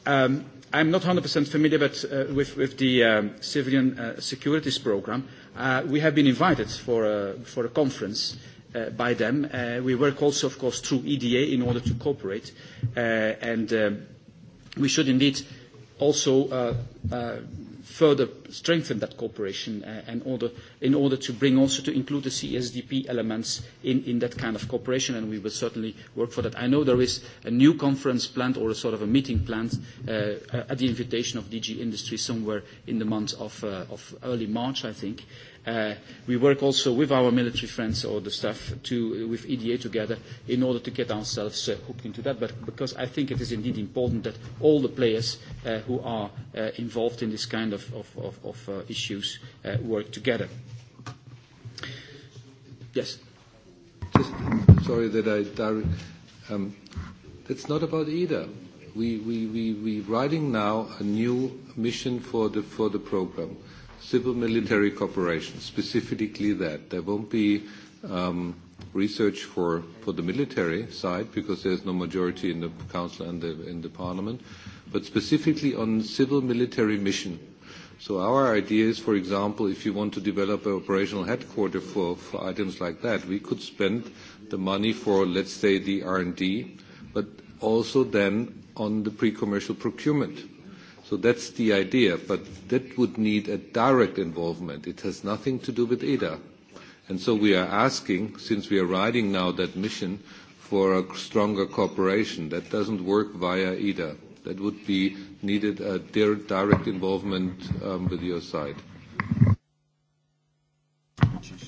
um, I'm not 100% familiar but, uh, with, with the um, civilian uh, securities program. Uh, we have been invited for a, for a conference uh, by them. Uh, we work also, of course, through EDA in order to cooperate. Uh, and um, we should indeed also uh, uh, further strengthen that cooperation uh, in, order, in order to bring also to include the CSDP elements in, in that kind of cooperation, and we will certainly work for that. I know there is a new conference planned or a sort of a meeting planned uh, at the invitation of DG Industry somewhere in the month of, uh, of early March, I think, Uh, we work also with our military friends or the staff to, uh, with EDA together in order to get ourselves uh, hooked into that, but because I think it is indeed important that all the players uh, who are uh, involved in this kind of, of, of, of uh, issues uh, work together. Yes. Just, sorry that I direct, um, it's not about either we, we, we, we writing now a new mission for the, for the program, civil military cooperation, specifically that. There won't be um, research for, for the military side because there's no majority in the council and the, in the parliament, but specifically on civil military mission. So our idea is, for example, if you want to develop an operational headquarter for, for items like that, we could spend the money for, let's say, the R&D, but also then on the pre-commercial procurement. So that's the idea, but that would need a direct involvement. It has nothing to do with EDA. And so we are asking, since we are riding now that mission, for a stronger cooperation. That doesn't work via EDA. That would be needed a direct involvement um, with your side.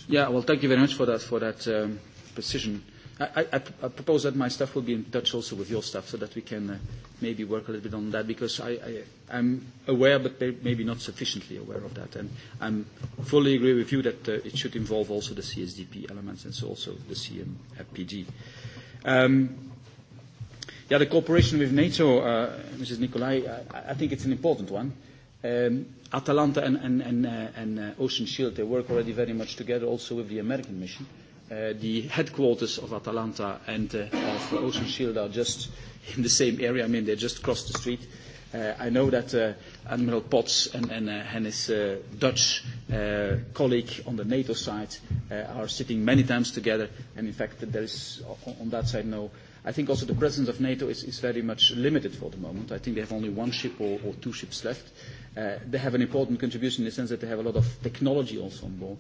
Yeah, well, thank you very much for that, for that um, position. I, I, I propose that my staff will be in touch also with your staff so that we can uh, maybe work a little bit on that because I, I, I'm aware but maybe not sufficiently aware of that. And I fully agree with you that uh, it should involve also the CSDP elements and so also the CMPG. Um, yeah, the cooperation with NATO, uh, Mrs. Nicolai, I, I think it's an important one. Um, Atalanta and, and, and, uh, and uh, Ocean Shield, they work already very much together also with the American mission. Uh, Uh, the headquarters of Atalanta and uh, of Ocean Shield are just in the same area. I mean, they just crossed the street. Uh, I know that uh, Admiral Potts and, and, uh, and his uh, Dutch uh, colleague on the NATO side uh, are sitting many times together, and in fact, there is on that side no. I think also the presence of NATO is, is very much limited for the moment. I think they have only one ship or, or two ships left. Uh, they have an important contribution in the sense that they have a lot of technology also on board.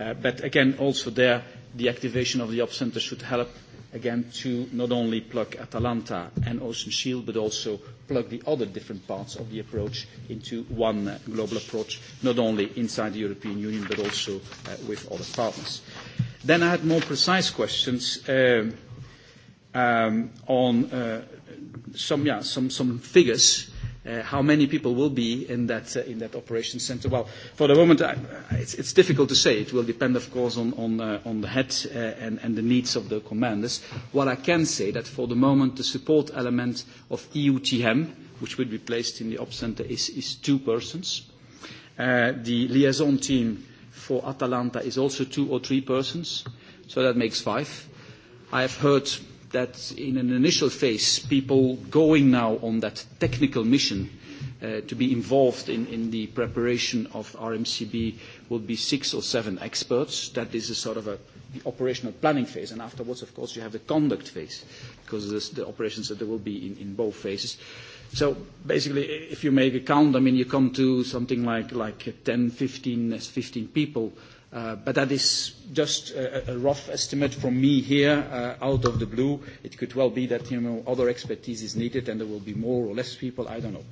Uh, but again, also there, the activation of the op center should help again to not only plug Atalanta and Ocean Shield, but also plug the other different parts of the approach into one uh, global approach, not only inside the European Union, but also uh, with other partners. Then I had more precise questions um, um, on uh, some, yeah, some, some figures uh, how many people will be in that, uh, in that operations center? Well, for the moment, I, it's, it's difficult to say. It will depend, of course, on, on, uh, on the head uh, and, and the needs of the commanders. What I can say that for the moment, the support element of EUTM, which would be placed in the op center, is, is two persons. Uh, the liaison team for Atalanta is also two or three persons, so that makes five. I have heard that in an initial phase, people going now on that technical mission uh, to be involved in, in the preparation of RMCB will be six or seven experts. That is a sort of a the operational planning phase, and afterwards, of course, you have the conduct phase, because this, the operations that there will be in, in both phases. So basically, if you make a count, I mean, you come to something like, like 10, 15, 15 people Uh, but that is just a, a rough estimate from me here uh, out of the blue. It could well be that you know, other expertise is needed and there will be more or less people, I don't know.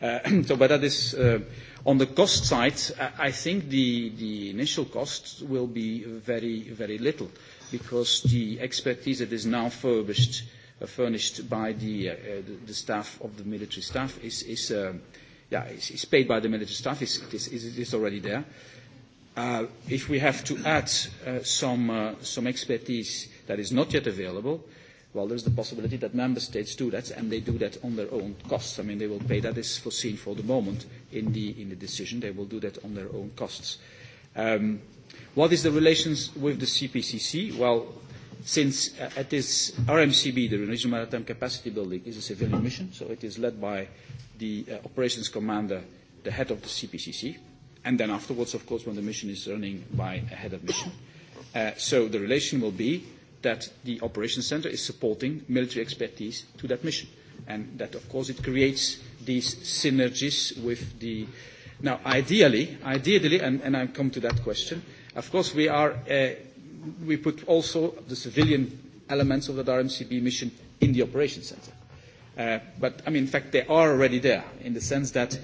Uh, so, but that is uh, on the cost side, I, I think the, the initial cost will be very, very little because the expertise that is now furbished, uh, furnished by the, uh, the, the staff of the military staff is, is, uh, yeah, is, is paid by the military staff, is, is, is, is already there uh, if we have to add uh, some, uh, some expertise that is not yet available, well, there's the possibility that member states do that, and they do that on their own costs. I mean, they will pay, that is foreseen for the moment in the, in the decision, they will do that on their own costs. Um, what is the relations with the CPCC? Well, since uh, at this RMCB, the Regional Maritime Capacity Building, is a civilian mission, so it is led by the uh, operations commander, the head of the CPCC, and then afterwards, of course, when the mission is running by a head of mission. Uh, so the relation will be that the operations center is supporting military expertise to that mission. And that, of course, it creates these synergies with the... Now, ideally, ideally, and, and I come to that question, of course, we are, uh, we put also the civilian elements of the RMCB mission in the operations center. Uh, but, I mean, in fact, they are already there in the sense that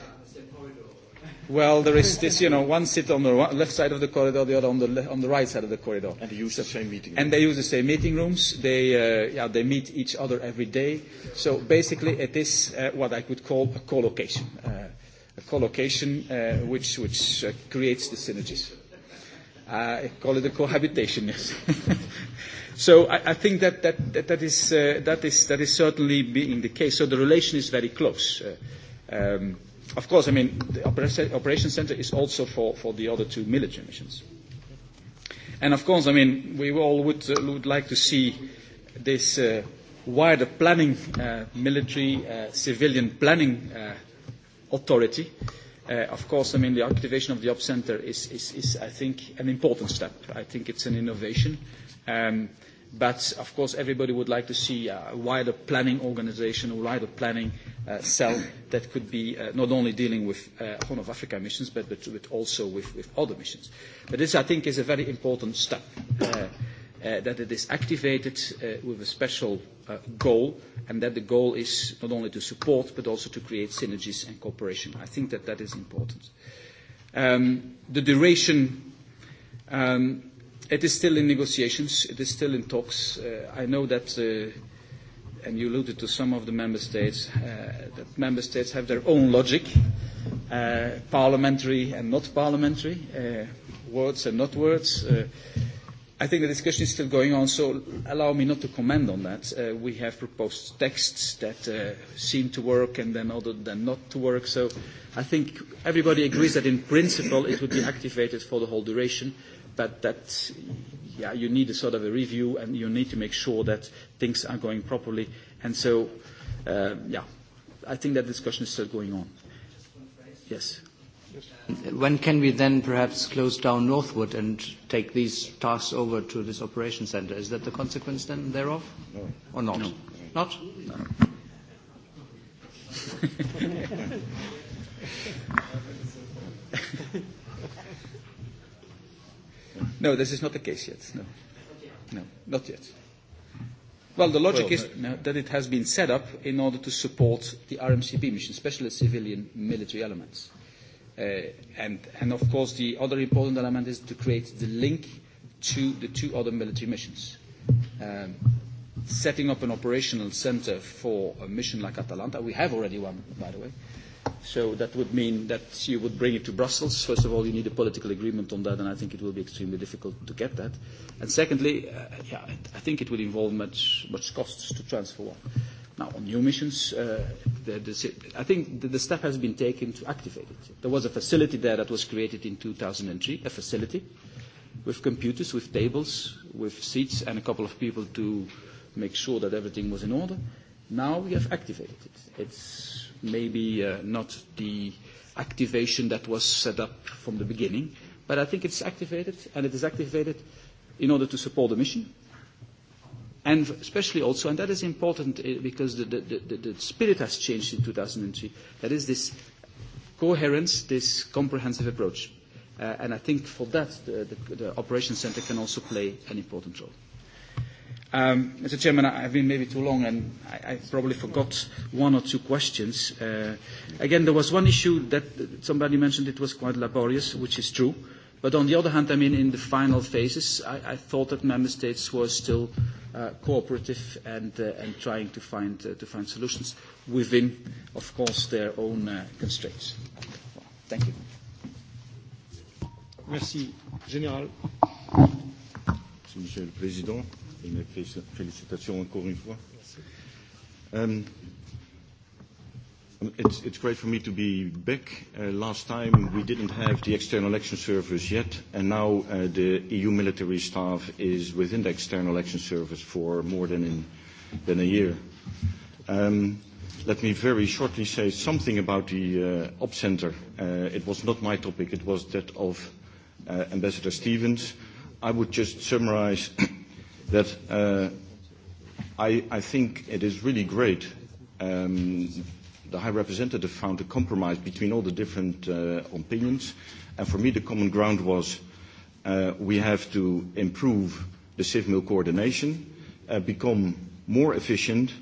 Well, there is this, you know, one sit on the left side of the corridor, the other on the, left, on the right side of the corridor. And they use the same meeting rooms. And they use the same meeting rooms. They, uh, yeah, they meet each other every day. So basically it is uh, what I could call a co location. uh, a co location uh, which, which uh, creates the synergies. Uh, I call it a cohabitation, yes. so I, I think that, that, that, that, is, uh, that, is, that is certainly being the case. So the relation is very close. Uh, um, of course, I mean, the operation center is also for, for the other two military missions. And of course, I mean, we all would, uh, would like to see this uh, wider planning, uh, military, uh, civilian planning uh, authority. Uh, of course, I mean, the activation of the op center is, is, is, I think, an important step. I think it's an innovation. Um, But of course, everybody would like to see a wider planning organization, a wider planning uh, cell that could be uh, not only dealing with uh, Horn of Africa missions, but, but, but also with, with other missions. But this, I think, is a very important step, uh, uh, that it is activated uh, with a special uh, goal, and that the goal is not only to support, but also to create synergies and cooperation. I think that that is important. Um, the duration. Um, It is still in negotiations. It is still in talks. Uh, I know that, uh, and you alluded to some of the member states, uh, that member states have their own logic, uh, parliamentary and not parliamentary, uh, words and not words. Uh, I think the discussion is still going on, so allow me not to comment on that. Uh, we have proposed texts that uh, seem to work and then other than not to work. So I think everybody agrees that in principle it would be activated for the whole duration but that yeah, you need a sort of a review and you need to make sure that things are going properly. And so, uh, yeah, I think that discussion is still going on. Yes. When can we then perhaps close down Northwood and take these tasks over to this operation center? Is that the consequence then thereof? No. Or not? No. Not? No. No, this is not the case yet. No, no not yet. Well, the logic well, is no, that it has been set up in order to support the RMCB mission, especially civilian military elements. Uh, and, and of course, the other important element is to create the link to the two other military missions. Um, setting up an operational center for a mission like Atalanta, we have already one, by the way, uh, So that would mean that you would bring it to Brussels. First of all, you need a political agreement on that, and I think it will be extremely difficult to get that. And secondly, uh, yeah, I think it will involve much, much costs to transfer one. Now, on new missions, uh, the, the, I think the, the step has been taken to activate it. There was a facility there that was created in 2003, a facility with computers, with tables, with seats, and a couple of people to make sure that everything was in order. Now we have activated it. It's maybe uh, not the activation that was set up from the beginning, but I think it's activated, and it is activated in order to support the mission. And especially also, and that is important uh, because the, the, the, the spirit has changed in 2003, that is this coherence, this comprehensive approach. Uh, and I think for that, the, the, the Operations Center can also play an important role. Um, Mr. Chairman, I, I've been maybe too long and I, I probably forgot one or two questions. Uh, again, there was one issue that somebody mentioned it was quite laborious, which is true. But on the other hand, I mean, in the final phases, I, I thought that member states were still uh, cooperative and, uh, and trying to find, uh, to find solutions within, of course, their own uh, constraints. Well, thank you. Merci, General. Merci, Monsieur le Président une e félicitation encore une fois. Um, it's, it's great for me to be back. Uh, last time we didn't have the external action service yet, and now uh, the EU military staff is within the external action service for more than, in, than a year. Um, let me very shortly say something about the uh, op center. Uh, it was not my topic, it was that of uh, Ambassador Stevens. I would just summarize that uh, I, I think it is really great um, the High Representative found a compromise between all the different uh, opinions. And for me, the common ground was uh, we have to improve the civil coordination, uh, become more efficient,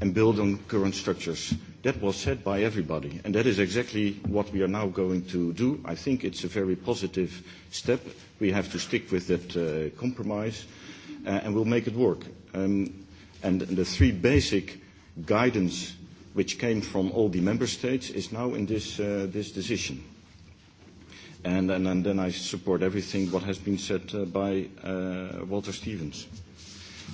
and build on current structures. That was said by everybody, and that is exactly what we are now going to do. I think it's a very positive step. We have to stick with that uh, compromise uh, and we'll make it work. Um, and the three basic guidance which came from all the member states is now in this, uh, this decision. And, and, and then I support everything what has been said uh, by uh, Walter Stevens.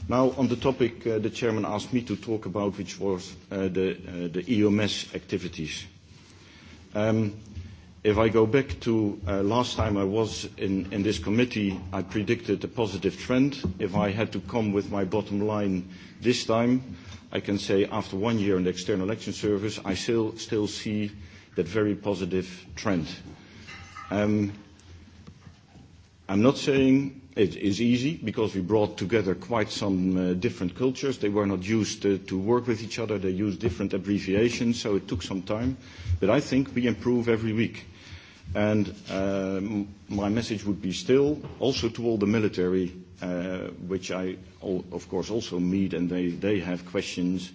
Now, on the topic uh, the chairman asked me to talk about, which was uh, the, uh, the EOMS activities. Um, If I go back to uh, last time I was in, in this committee, I predicted a positive trend. If I had to come with my bottom line this time, I can say after one year in the External Action Service, I still, still see that very positive trend. Um, I'm not saying it is easy because we brought together quite some uh, different cultures. They were not used to, to work with each other. They used different abbreviations, so it took some time. But I think we improve every week. And uh, my message would be still also to all the military, uh, which I, all, of course, also meet, and they, they have questions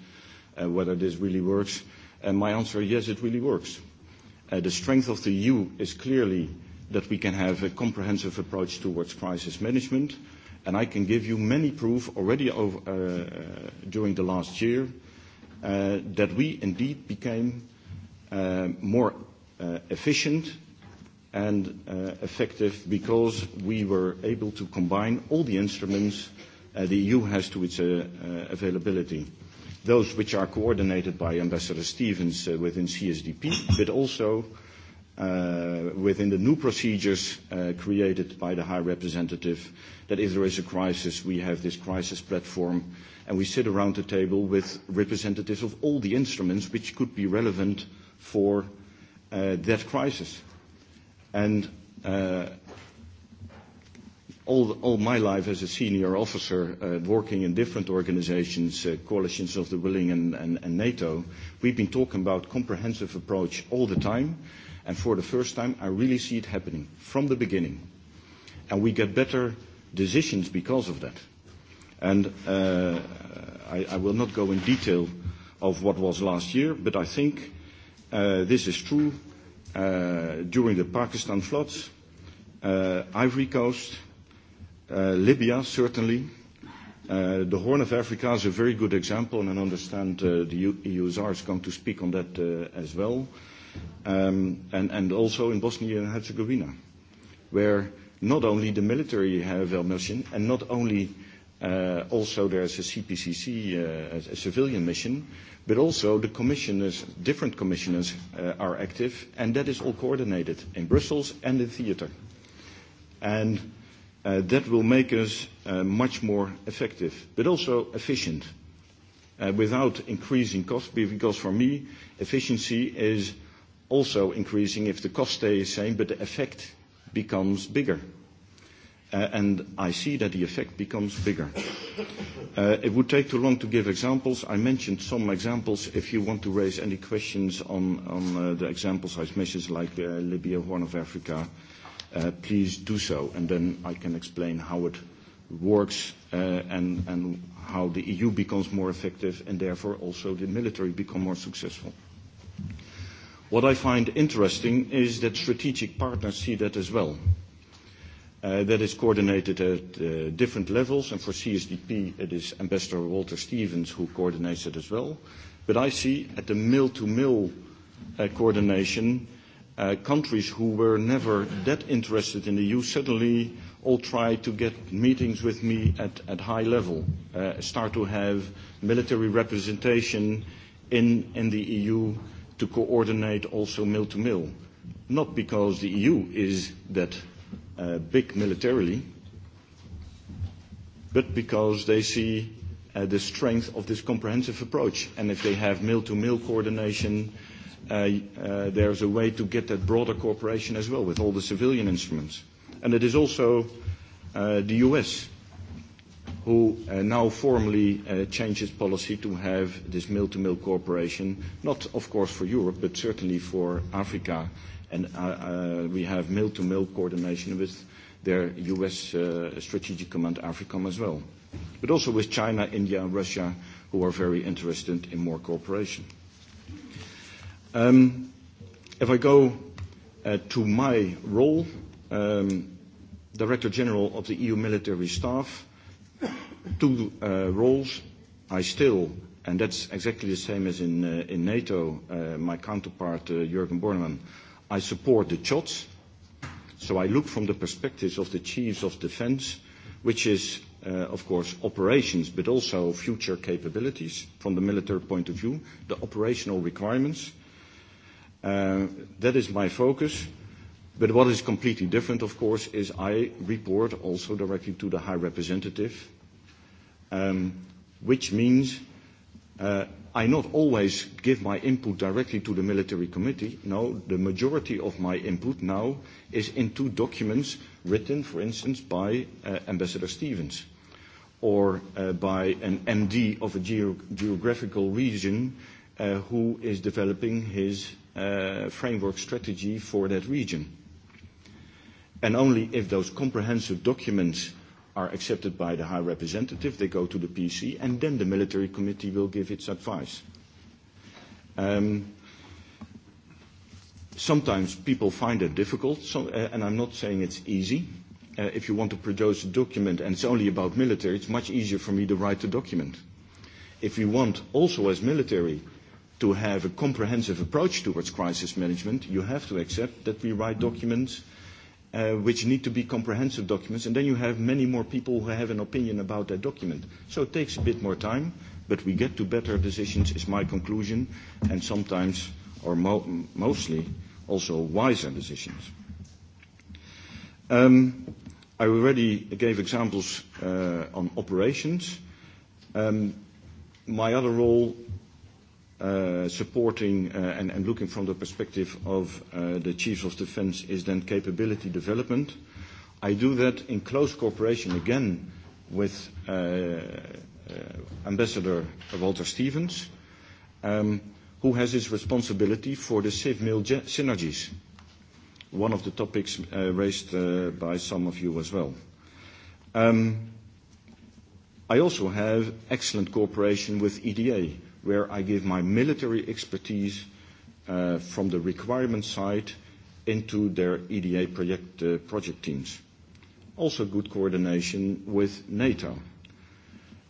uh, whether this really works. And my answer is yes, it really works. Uh, the strength of the EU is clearly that we can have a comprehensive approach towards crisis management. And I can give you many proof already over, uh, during the last year uh, that we indeed became uh, more uh, efficient and uh, effective because we were able to combine all the instruments uh, the EU has to its uh, uh, availability. Those which are coordinated by Ambassador Stevens uh, within CSDP, but also uh, within the new procedures uh, created by the High Representative, that if there is a crisis, we have this crisis platform, and we sit around the table with representatives of all the instruments which could be relevant for uh, that crisis. And uh, all, the all my life as a senior officer uh, working in different organizations, uh, coalitions of the willing and, and, and NATO, we've been talking about comprehensive approach all the time. And for the first time, I really see it happening from the beginning. And we get better decisions because of that. And uh, I, I will not go in detail of what was last year, but I think uh, this is true uh, during the Pakistan floods, uh, Ivory Coast, uh, Libya, certainly. Uh, the Horn of Africa is a very good example, and I understand uh, the EUSR e is going to speak on that uh, as well, um, and, and also in Bosnia and Herzegovina, where not only the military have a mission, and not only uh, Uh, also, there's a CPCC, uh, a civilian mission, but also the commissioners, different commissioners uh, are active, and that is all coordinated in Brussels and in theater. And uh, that will make us uh, much more effective, but also efficient, uh, without increasing cost, because for me, efficiency is also increasing if the cost stays the same, but the effect becomes bigger. Uh, and I see that the effect becomes bigger. Uh, it would take too long to give examples. I mentioned some examples. If you want to raise any questions on, on uh, the examples I've mentioned, like uh, Libya, Horn of Africa, uh, please do so, and then I can explain how it works uh, and, and how the EU becomes more effective, and therefore also the military become more successful. What I find interesting is that strategic partners see that as well. Uh, that is coordinated at uh, different levels, and for CSDP it is Ambassador Walter Stevens who coordinates it as well. But I see at the mill-to-mill -mill, uh, coordination, uh, countries who were never that interested in the EU suddenly all try to get meetings with me at, at high level, uh, start to have military representation in, in the EU to coordinate also mill-to-mill. -mill. Not because the EU is that uh, big militarily, but because they see uh, the strength of this comprehensive approach. And if they have mill-to-mill -mill coordination, uh, uh, there's a way to get that broader cooperation as well with all the civilian instruments. And it is also uh, the U.S. who uh, now formally uh, changes policy to have this mill-to-mill -mill cooperation, not, of course, for Europe, but certainly for Africa and uh, uh, we have mill-to-mill coordination with their U.S. Uh, Strategic Command AFRICOM as well, but also with China, India, and Russia, who are very interested in more cooperation. Um, if I go uh, to my role, um, Director General of the EU Military Staff, two uh, roles. I still, and that's exactly the same as in, uh, in NATO, uh, my counterpart, uh, Jürgen Bornemann, I support the CHOTS, so I look from the perspectives of the chiefs of defense, which is, uh, of course, operations, but also future capabilities from the military point of view, the operational requirements. Uh, that is my focus. But what is completely different, of course, is I report also directly to the High Representative, um, which means uh, I not always give my input directly to the military committee. No, the majority of my input now is into documents written, for instance, by uh, Ambassador Stevens or uh, by an MD of a geo geographical region uh, who is developing his uh, framework strategy for that region. And only if those comprehensive documents are accepted by the High Representative, they go to the PC, and then the military committee will give its advice. Um, sometimes people find it difficult, so, uh, and I'm not saying it's easy. Uh, if you want to produce a document and it's only about military, it's much easier for me to write the document. If you want also as military to have a comprehensive approach towards crisis management, you have to accept that we write documents – uh, which need to be comprehensive documents, and then you have many more people who have an opinion about that document. So it takes a bit more time, but we get to better decisions, is my conclusion, and sometimes, or mo mostly, also wiser decisions. Um, I already gave examples uh, on operations. Um, my other role uh, supporting uh, and, and looking from the perspective of uh, the chiefs of defence is then capability development. I do that in close cooperation again with uh, uh, Ambassador Walter Stevens, um, who has his responsibility for the CivMil synergies, one of the topics uh, raised uh, by some of you as well. Um, I also have excellent cooperation with EDA where I give my military expertise uh, from the requirement side into their EDA project, uh, project teams. Also good coordination with NATO,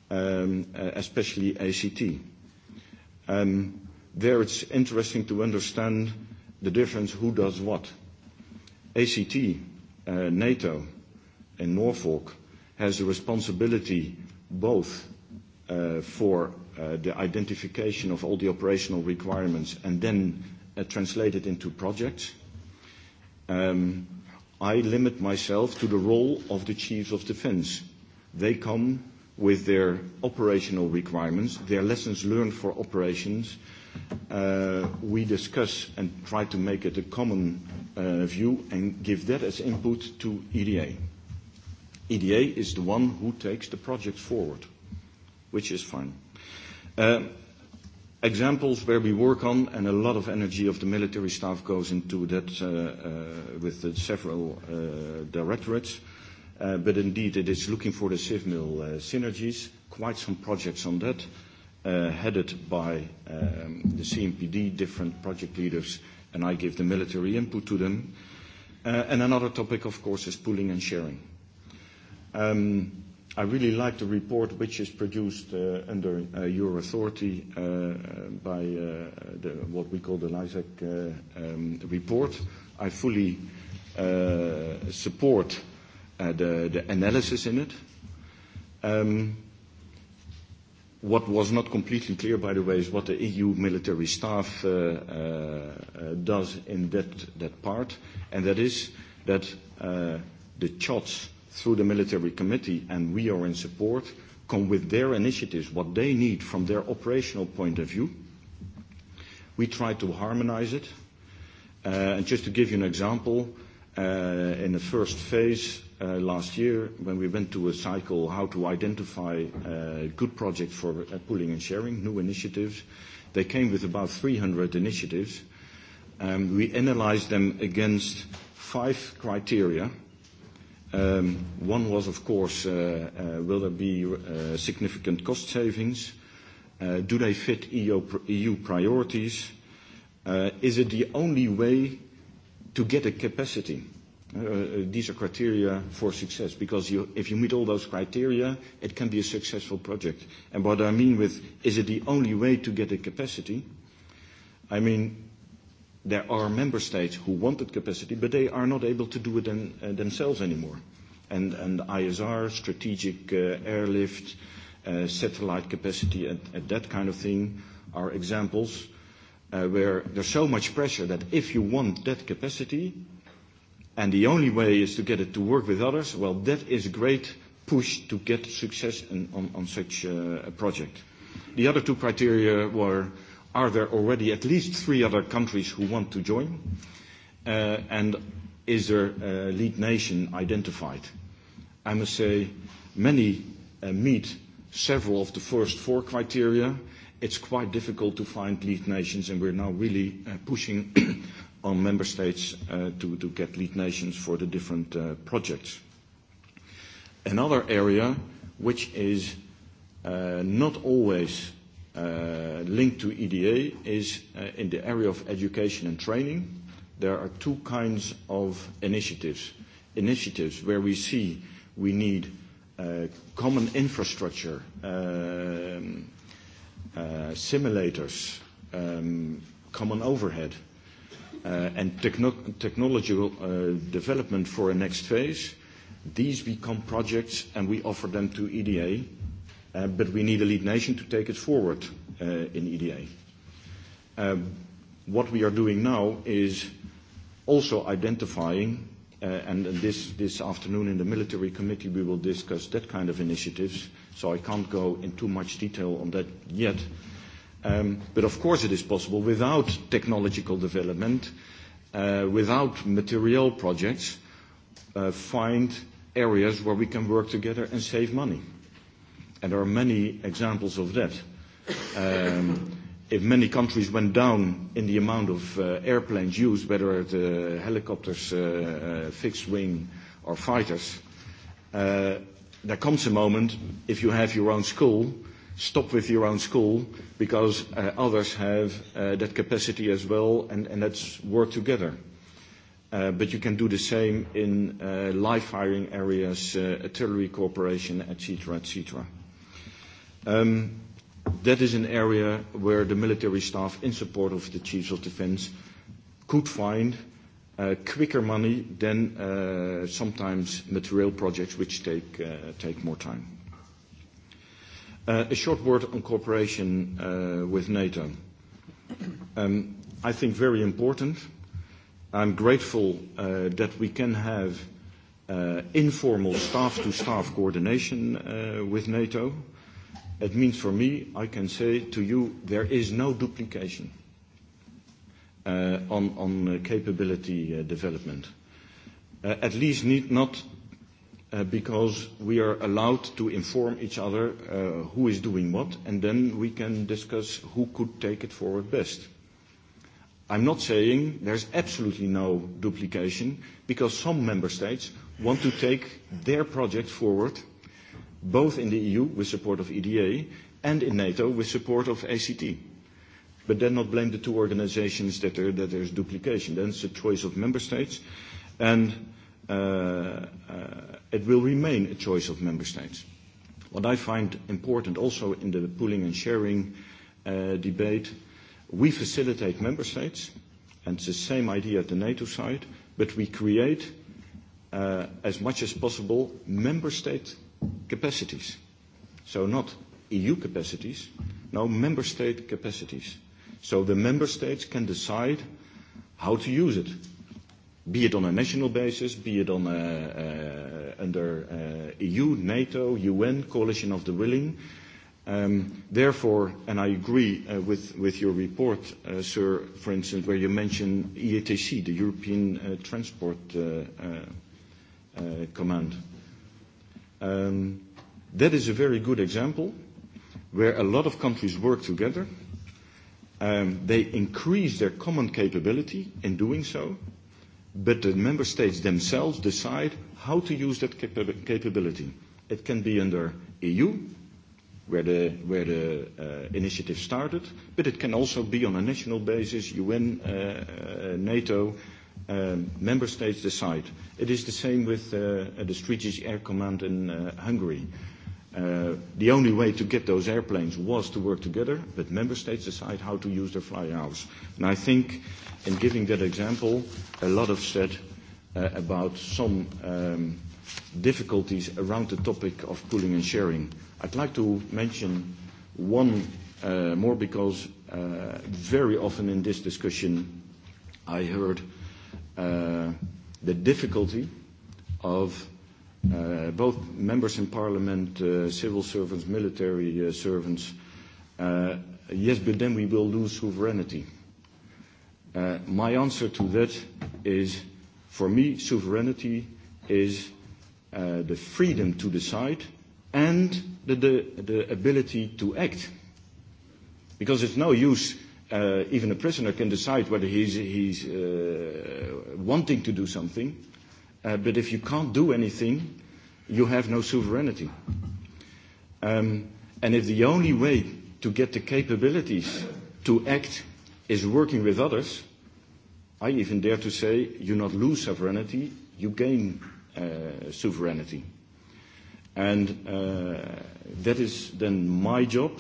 um, uh, especially ACT. Um, there it's interesting to understand the difference who does what. ACT, uh, NATO, and Norfolk has a responsibility both uh, for Uh, the identification of all the operational requirements and then uh, translate it into projects. Um, I limit myself to the role of the chiefs of defense. They come with their operational requirements, their lessons learned for operations. Uh, we discuss and try to make it a common uh, view and give that as input to EDA. EDA is the one who takes the projects forward, which is fine. Um examples where we work on, and a lot of energy of the military staff goes into that uh, uh, with the several uh, directorates. Uh, but indeed, it is looking for the civil uh, synergies. Quite some projects on that, uh, headed by um, the CMPD, different project leaders, and I give the military input to them. Uh, and another topic, of course, is pooling and sharing. Um, I really like the report which is produced uh, under uh, your authority uh, uh by uh, the, what we call the LISAC uh, um, report. I fully uh, support uh, the, the analysis in it. Um, what was not completely clear, by the way, is what the EU military staff uh, uh, uh, does in that, that part, and that is that uh, the CHOTS – through the military committee, and we are in support, come with their initiatives, what they need from their operational point of view. We try to harmonize it. Uh, and just to give you an example, uh, in the first phase uh, last year, when we went to a cycle how to identify uh, good projects for uh, pooling and sharing, new initiatives, they came with about 300 initiatives. Um, we analyzed them against five criteria – Um, one was, of course, uh, uh, will there be uh, significant cost savings? Uh, do they fit EU, e EU priorities? Uh, is it the only way to get a capacity? Uh, uh, these are criteria for success because you, if you meet all those criteria, it can be a successful project. And what I mean with, is it the only way to get a capacity? I mean, there are member states who want that capacity, but they are not able to do it them, uh, themselves anymore. And, and ISR, strategic uh, airlift, uh, satellite capacity, and, and that kind of thing are examples uh, where there's so much pressure that if you want that capacity, and the only way is to get it to work with others, well, that is a great push to get success in, on, on such uh, a project. The other two criteria were are there already at least three other countries who want to join? Uh, and is there a lead nation identified? I must say, many uh, meet several of the first four criteria. It's quite difficult to find lead nations, and we're now really uh, pushing on member states uh, to, to get lead nations for the different uh, projects. Another area which is uh, not always uh, linked to EDA is uh, in the area of education and training. There are two kinds of initiatives. Initiatives where we see we need uh, common infrastructure, um, uh, simulators, um, common overhead, uh, and techno technological uh, development for a next phase. These become projects and we offer them to EDA Uh, but we need a lead nation to take it forward uh, in EDA. Um, what we are doing now is also identifying, uh, and, and this, this afternoon in the military committee we will discuss that kind of initiatives, so I can't go in too much detail on that yet. Um, but of course it is possible without technological development, uh, without material projects, uh, find areas where we can work together and save money. And there are many examples of that. Um, if many countries went down in the amount of uh, airplanes used, whether it's uh, helicopters, uh, uh, fixed wing, or fighters, uh, there comes a moment, if you have your own school, stop with your own school, because uh, others have uh, that capacity as well, and, and let's work together. Uh, but you can do the same in uh, live firing areas, uh, artillery cooperation, etc., etc. Um, that is an area where the military staff, in support of the chiefs of defense, could find uh, quicker money than uh, sometimes material projects which take, uh, take more time. Uh, a short word on cooperation uh, with NATO. Um, I think very important. I'm grateful uh, that we can have uh, informal staff-to-staff -staff coordination uh, with NATO. Uh, It means for me, I can say to you, there is no duplication uh, on, on uh, capability uh, development. Uh, at least need not uh, because we are allowed to inform each other uh, who is doing what, and then we can discuss who could take it forward best. I'm not saying there's absolutely no duplication, because some member states want to take their project forward both in the EU with support of EDA and in NATO with support of ACT. But then not blame the two organizations that, there, that there's duplication. Then it's a choice of member states, and uh, uh, it will remain a choice of member states. What I find important also in the pooling and sharing uh, debate, we facilitate member states, and it's the same idea at the NATO side, but we create, uh, as much as possible, member state capacities. So not EU capacities, no member state capacities. So the member states can decide how to use it, be it on a national basis, be it on a, uh, under uh, EU, NATO, UN, coalition of the willing. Um, therefore, and I agree uh, with, with your report, uh, sir, for instance, where you mention EATC, the European uh, Transport uh, uh, uh, Command. Uh, Um, that is a very good example where a lot of countries work together. Um, they increase their common capability in doing so, but the member states themselves decide how to use that capa capability. It can be under EU, where the, where the uh, initiative started, but it can also be on a national basis, UN, uh, uh, NATO, um, member states decide. It is the same with uh, the Strategic Air Command in uh, Hungary. Uh, the only way to get those airplanes was to work together, but member states decide how to use their fly hours. And I think in giving that example, a lot of said uh, about some um, difficulties around the topic of pooling and sharing. I'd like to mention one uh, more because uh, very often in this discussion I heard uh, the difficulty of uh, both members in parliament, uh, civil servants, military uh, servants. Uh, yes, but then we will lose sovereignty. Uh, my answer to that is, for me, sovereignty is uh, the freedom to decide and the, the, the ability to act. Because it's no use uh, even a prisoner can decide whether he's, he's uh, wanting to do something, uh, but if you can't do anything, you have no sovereignty. Um, and if the only way to get the capabilities to act is working with others, I even dare to say you not lose sovereignty, you gain uh, sovereignty. And uh, that is then my job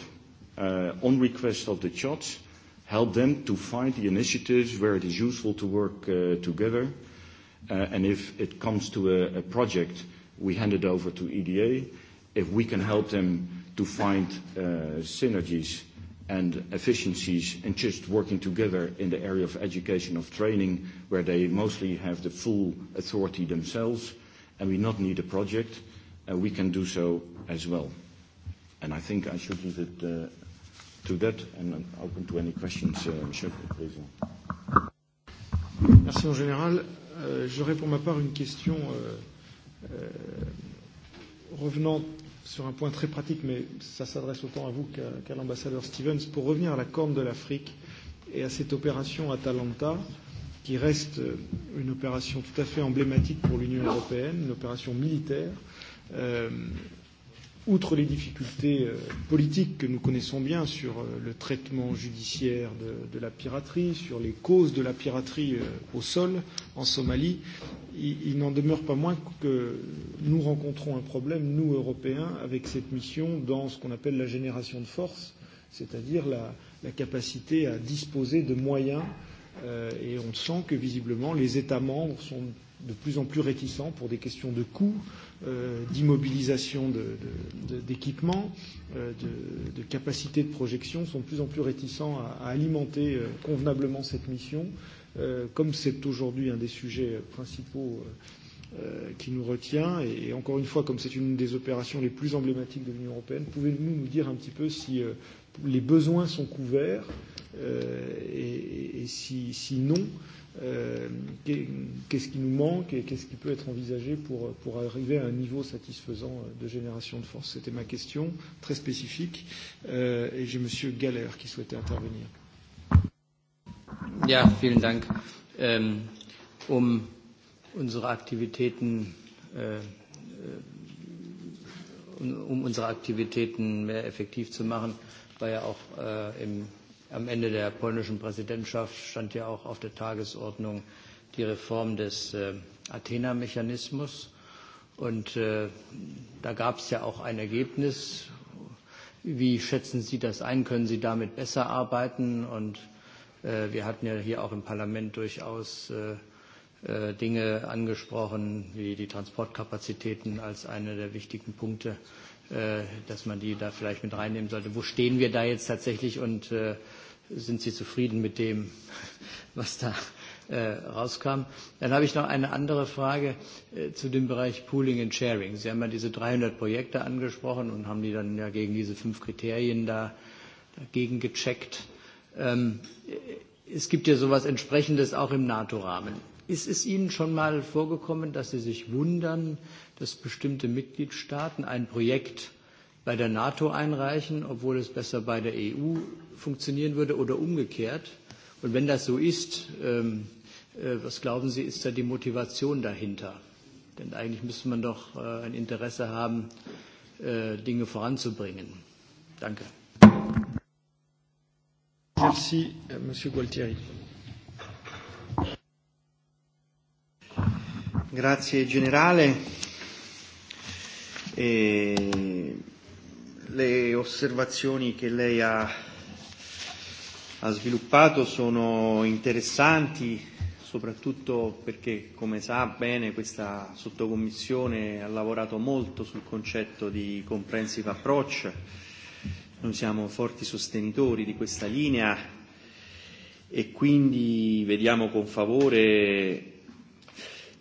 uh, on request of the CHOTS help them to find the initiatives where it is useful to work uh, together. Uh, and if it comes to a, a project, we hand it over to EDA. If we can help them to find uh, synergies and efficiencies and just working together in the area of education, of training, where they mostly have the full authority themselves, and we not need a project, uh, we can do so as well. And I think I should leave it uh, to that, and I'm open to any questions, uh, Monsieur le Président. Merci en général. Euh, J'aurais pour ma part une question euh, euh, revenant sur un point très pratique, mais ça s'adresse autant à vous qu'à qu, qu l'ambassadeur Stevens, pour revenir à la Corne de l'Afrique et à cette opération Atalanta, qui reste euh, une opération tout à fait emblématique pour l'Union européenne, une opération militaire. Euh, outre les difficultés euh, politiques que nous connaissons bien sur euh, le traitement judiciaire de, de la piraterie, sur les causes de la piraterie euh, au sol en Somalie, il, il n'en demeure pas moins que nous rencontrons un problème, nous Européens, avec cette mission dans ce qu'on appelle la génération de force, c'est-à-dire la, la capacité à disposer de moyens euh, et on sent que visiblement les États membres sont de plus en plus réticents pour des questions de coûts, euh, d'immobilisation d'équipements, de, de, de, euh, de, de capacité de projection, sont de plus en plus réticents à, à alimenter euh, convenablement cette mission. Euh, comme c'est aujourd'hui un des sujets euh, principaux euh, Euh, qui nous retient. Et, et encore une fois, comme c'est une des opérations les plus emblématiques de l'Union européenne, pouvez-vous nous dire un petit peu si euh, les besoins sont couverts euh, et, et si, si non, euh, qu'est-ce qui nous manque et qu'est-ce qui peut être envisagé pour, pour arriver à un niveau satisfaisant euh, de génération de force C'était ma question, très spécifique. Euh, et j'ai Monsieur Galère qui souhaitait intervenir. Ja, vielen Dank. Ähm, um unsere Aktivitäten, äh, äh um, um unsere Aktivitäten mehr effektiv zu machen, war ja auch äh, im, am Ende der polnischen Präsidentschaft stand ja auch auf der Tagesordnung die Reform des äh, Athena-Mechanismus. Und äh, da gab es ja auch ein Ergebnis. Wie schätzen Sie das ein? Können Sie damit besser arbeiten? Und äh, wir hatten ja hier auch im Parlament durchaus äh, Äh, Dinge angesprochen, wie die Transportkapazitäten als einer der wichtigen Punkte, äh, dass man die da vielleicht mit reinnehmen sollte. Wo stehen wir da jetzt tatsächlich und äh, sind Sie zufrieden mit dem, was da äh, rauskam. Dann habe ich noch eine andere Frage äh, zu dem Bereich Pooling and Sharing. Sie haben ja diese 300 Projekte angesprochen und haben die dann ja gegen diese fünf Kriterien da dagegen gecheckt. Ähm, es gibt ja sowas Entsprechendes auch im NATO-Rahmen. Ist es Ihnen schon mal vorgekommen, dass Sie sich wundern, dass bestimmte Mitgliedstaaten ein Projekt bei der NATO einreichen, obwohl es besser bei der EU funktionieren würde oder umgekehrt? Und wenn das so ist, ähm, äh, was glauben Sie, ist da die Motivation dahinter? Denn eigentlich müsste man doch äh, ein Interesse haben, äh, Dinge voranzubringen. Danke. Merci, Monsieur Gualtieri. grazie generale. E le osservazioni che lei ha, ha sviluppato sono interessanti, soprattutto perché, come sa bene, questa sottocommissione ha lavorato molto sul concetto di comprehensive approach. Noi siamo forti sostenitori di questa linea e quindi vediamo con favore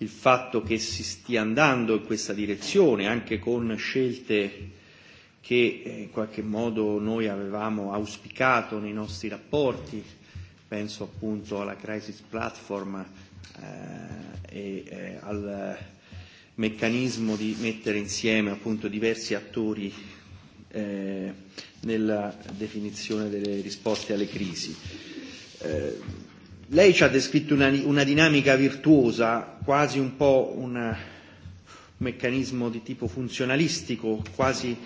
il fatto che si stia andando in questa direzione, anche con scelte che eh, in qualche modo noi avevamo auspicato nei nostri rapporti, penso appunto alla Crisis Platform eh, e eh, al meccanismo di mettere insieme appunto diversi attori eh, nella definizione delle risposte alle crisi. Eh, Lei ci ha descritto una, una dinamica virtuosa, quasi un po' una, eh, un meccanismo di tipo funzionalistico, quasi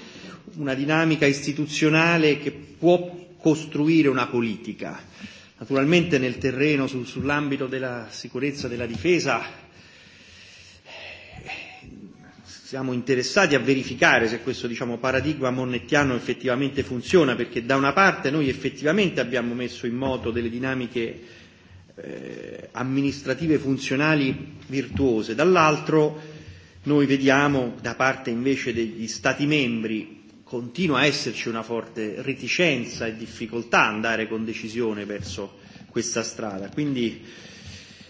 una dinamica istituzionale che può costruire una politica. Naturalmente nel terreno, su, sull'ambito della sicurezza e della difesa, siamo interessati a verificare se questo diciamo, paradigma monnettiano effettivamente funziona, perché da una parte noi effettivamente abbiamo messo in moto delle dinamiche eh, amministrative funzionali virtuose, dall'altro noi vediamo da parte invece degli Stati membri continua a esserci una forte reticenza e difficoltà a andare con decisione verso questa strada. Quindi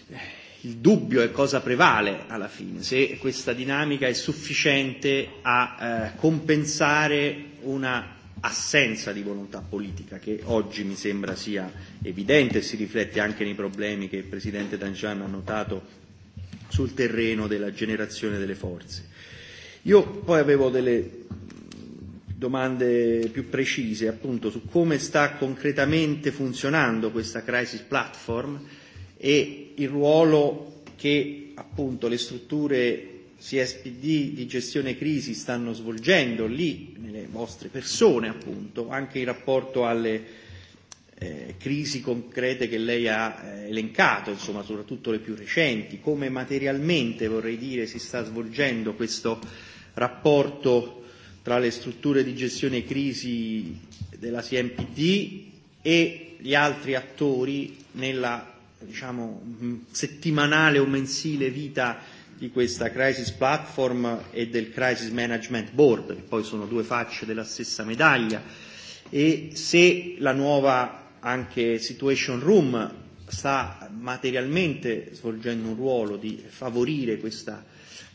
eh, il dubbio è cosa prevale alla fine, se questa dinamica è sufficiente a eh, compensare una assenza di volontà politica che oggi mi sembra sia evidente e si riflette anche nei problemi che il Presidente Danjan ha notato sul terreno della generazione delle forze. Io poi avevo delle domande più precise appunto su come sta concretamente funzionando questa crisis platform e il ruolo che appunto le strutture CSPD di gestione crisi stanno svolgendo lì, nelle vostre persone appunto, anche in rapporto alle eh, crisi concrete che lei ha eh, elencato, insomma, soprattutto le più recenti, come materialmente vorrei dire si sta svolgendo questo rapporto tra le strutture di gestione crisi della CMPD e gli altri attori nella diciamo, settimanale o mensile vita di questa Crisis Platform e del Crisis Management Board, che poi sono due facce della stessa medaglia, e se la nuova anche Situation Room sta materialmente svolgendo un ruolo di favorire questa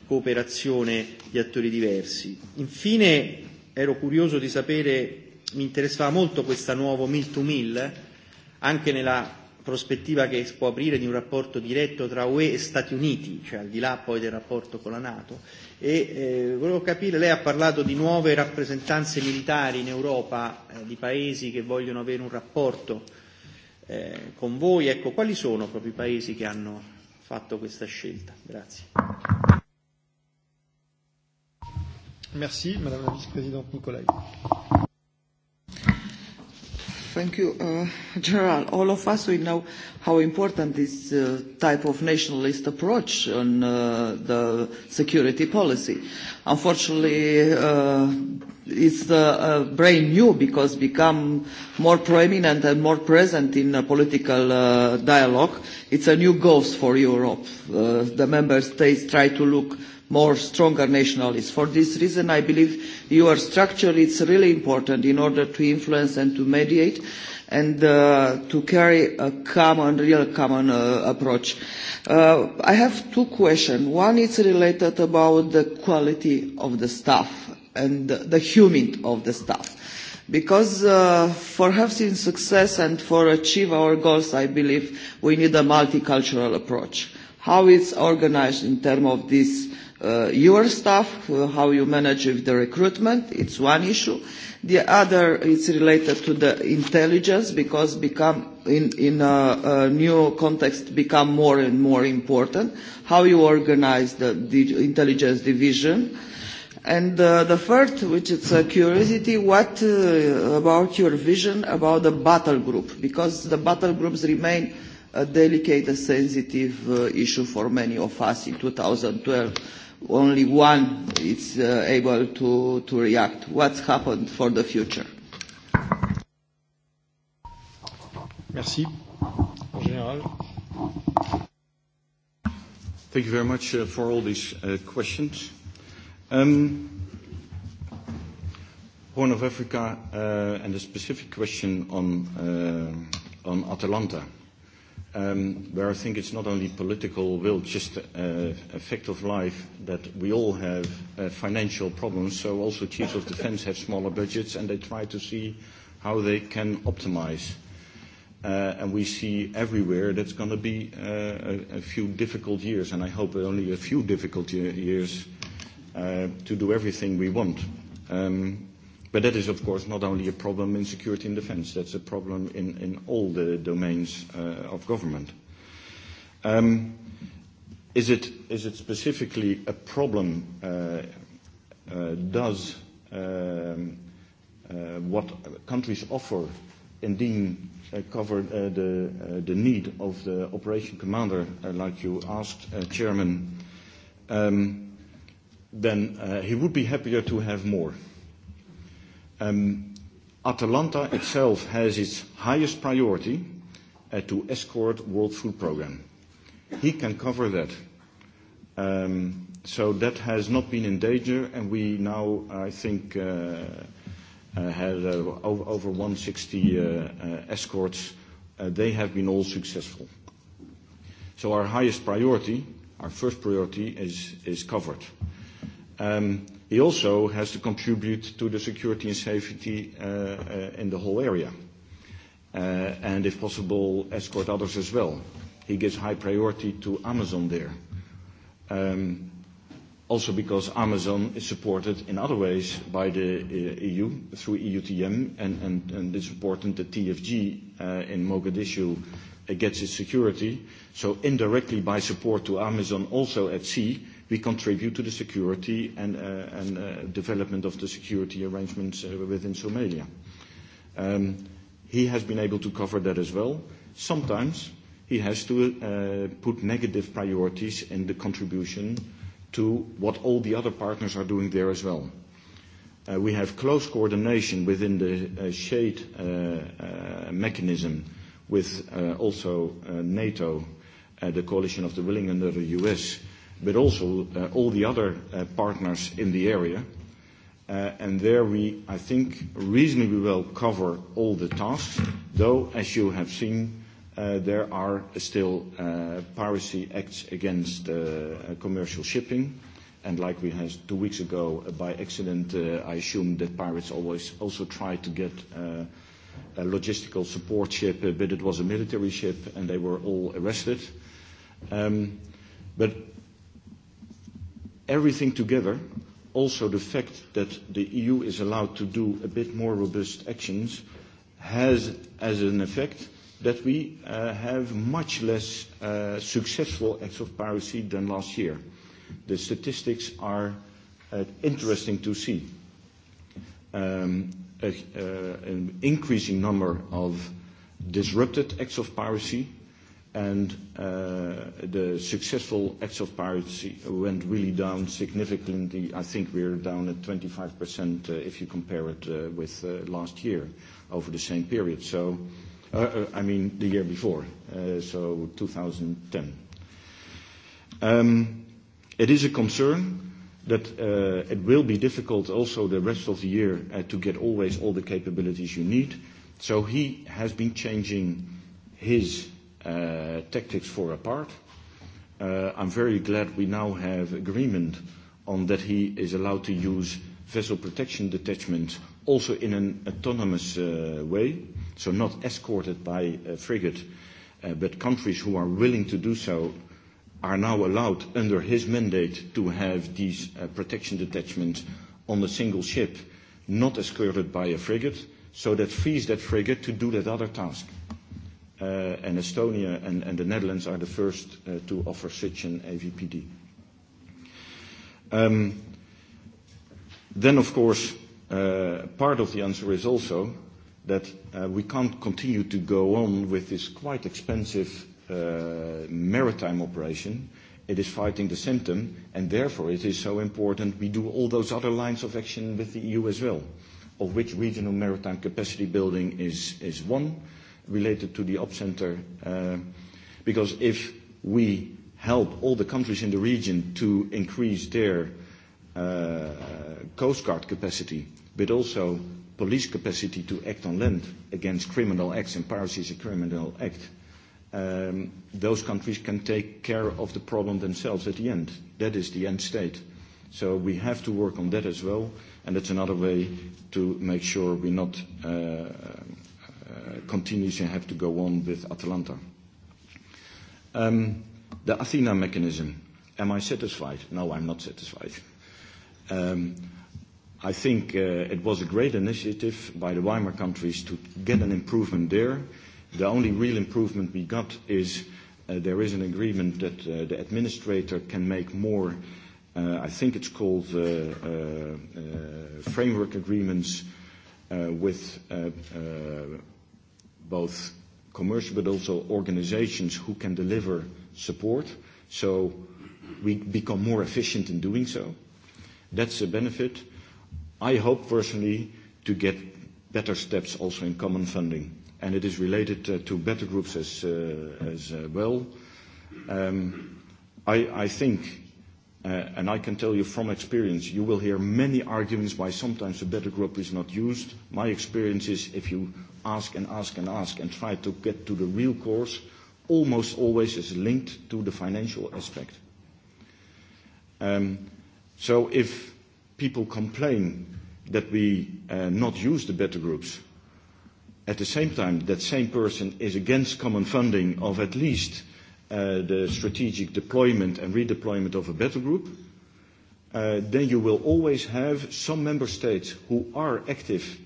cooperazione di attori diversi. Infine ero curioso di sapere, mi interessava molto questo nuovo mill to mill, anche nella prospettiva che si può aprire di un rapporto diretto tra UE e Stati Uniti, cioè al di là poi del rapporto con la Nato. E eh, volevo capire, lei ha parlato di nuove rappresentanze militari in Europa, eh, di paesi che vogliono avere un rapporto eh, con voi, ecco, quali sono proprio i paesi che hanno fatto questa scelta? Grazie. Merci, Madame la Vice-Présidente Nicolai. Thank you, uh, General. All of us, we know how important this uh, type of nationalist approach on uh, the security policy. Unfortunately, uh, it's uh, uh, brand new because become more prominent and more present in a political uh, dialogue. It's a new ghost for Europe. Uh, the member states try to look more stronger nationalists. For this reason, I believe your structure is really important in order to influence and to mediate and uh, to carry a common, real common uh, approach. Uh, I have two questions. One is related about the quality of the staff and the human of the staff. Because uh, for having success and for achieve our goals, I believe we need a multicultural approach. How it's organized in terms of this uh, your staff, uh, how you manage with the recruitment, it's one issue. The other is related to the intelligence because become in, in a, a new context become more and more important, how you organize the, the intelligence division. And uh, the third, which is a curiosity, what uh, about your vision about the battle group? Because the battle groups remain a delicate, a sensitive uh, issue for many of us in 2012 only one is uh, able to, to react. What's happened for the future? Merci. En général. Thank you very much uh, for all these uh, questions. Um, Horn of Africa uh, and a specific question on, uh, on Atalanta um, where I think it's not only political will, just uh, a fact of life that we all have uh, financial problems. So also chiefs of defense have smaller budgets, and they try to see how they can optimize. Uh, and we see everywhere that's going to be uh, a, a few difficult years, and I hope only a few difficult years uh, to do everything we want. Um, But that is, of course, not only a problem in security and defense, that's a problem in, in all the domains uh, of government. Um, is, it, is it specifically a problem? Uh, uh, does um, uh, what countries offer indeed uh, cover uh, the, uh, the need of the operation commander, uh, like you asked, uh, Chairman? Um, then uh, he would be happier to have more. Um, Atalanta itself has its highest priority uh, to escort World Food Programme. He can cover that. Um, so that has not been in danger, and we now, I think, uh, uh, had uh, over 160 uh, uh, escorts. Uh, they have been all successful. So our highest priority, our first priority, is, is covered. Um, he also has to contribute to the security and safety uh, uh, in the whole area. Uh, and if possible, escort others as well. He gives high priority to Amazon there. Um, also because Amazon is supported in other ways by the uh, EU through EUTM, and, and, and it's important that TFG uh, in Mogadishu uh, gets its security. So indirectly by support to Amazon also at sea, we contribute to the security and, uh, and uh, development of the security arrangements uh, within Somalia. Um, he has been able to cover that as well. Sometimes he has to uh, put negative priorities in the contribution to what all the other partners are doing there as well. Uh, we have close coordination within the uh, shade uh, uh, mechanism with uh, also uh, NATO, uh, the coalition of the willing under the US, but also uh, all the other uh, partners in the area. Uh, and there we, I think, reasonably well cover all the tasks, though, as you have seen, uh, there are still uh, piracy acts against uh, commercial shipping. And like we had two weeks ago, uh, by accident, uh, I assume that pirates always also try to get uh, a logistical support ship, uh, but it was a military ship, and they were all arrested. Um, but everything together, also the fact that the EU is allowed to do a bit more robust actions has as an effect that we uh, have much less uh, successful acts of piracy than last year. The statistics are uh, interesting to see. Um, a, uh, an increasing number of disrupted acts of piracy and uh, the successful of pirates went really down significantly. I think we're down at 25% uh, if you compare it uh, with uh, last year over the same period. So, uh, uh, I mean, the year before, uh, so 2010. Um, it is a concern that uh, it will be difficult also the rest of the year uh, to get always all the capabilities you need. So he has been changing his uh, tactics for apart. Uh, I'm very glad we now have agreement on that he is allowed to use vessel protection detachment also in an autonomous uh, way, so not escorted by a frigate, uh, but countries who are willing to do so are now allowed under his mandate to have these uh, protection detachments on a single ship, not escorted by a frigate, so that frees that frigate to do that other task. Uh, and Estonia and, and the Netherlands are the first uh, to offer such an AVPD. Um, then, of course, uh, part of the answer is also that uh, we can't continue to go on with this quite expensive uh, maritime operation. It is fighting the symptom, and therefore it is so important we do all those other lines of action with the EU as well, of which regional maritime capacity building is, is one related to the op center, uh, because if we help all the countries in the region to increase their uh, coast guard capacity, but also police capacity to act on land against criminal acts, and piracy is a criminal act, um, those countries can take care of the problem themselves at the end. That is the end state. So we have to work on that as well, and that's another way to make sure we're not uh, Uh, continues and have to go on with Atalanta. Um, the Athena mechanism, am I satisfied? No, I'm not satisfied. Um, I think uh, it was a great initiative by the Weimar countries to get an improvement there. The only real improvement we got is uh, there is an agreement that uh, the administrator can make more, uh, I think it's called uh, uh, uh, framework agreements uh, with uh, uh, both commercial but also organizations who can deliver support. So we become more efficient in doing so. That's a benefit. I hope personally to get better steps also in common funding. And it is related to, uh, to better groups as, uh, as uh, well. Um, I, I think, uh, and I can tell you from experience, you will hear many arguments why sometimes a better group is not used. My experience is if you ask and ask and ask and try to get to the real cause almost always is linked to the financial aspect. Um, so if people complain that we uh, not use the better groups, at the same time that same person is against common funding of at least uh, the strategic deployment and redeployment of a better group, uh, then you will always have some member states who are active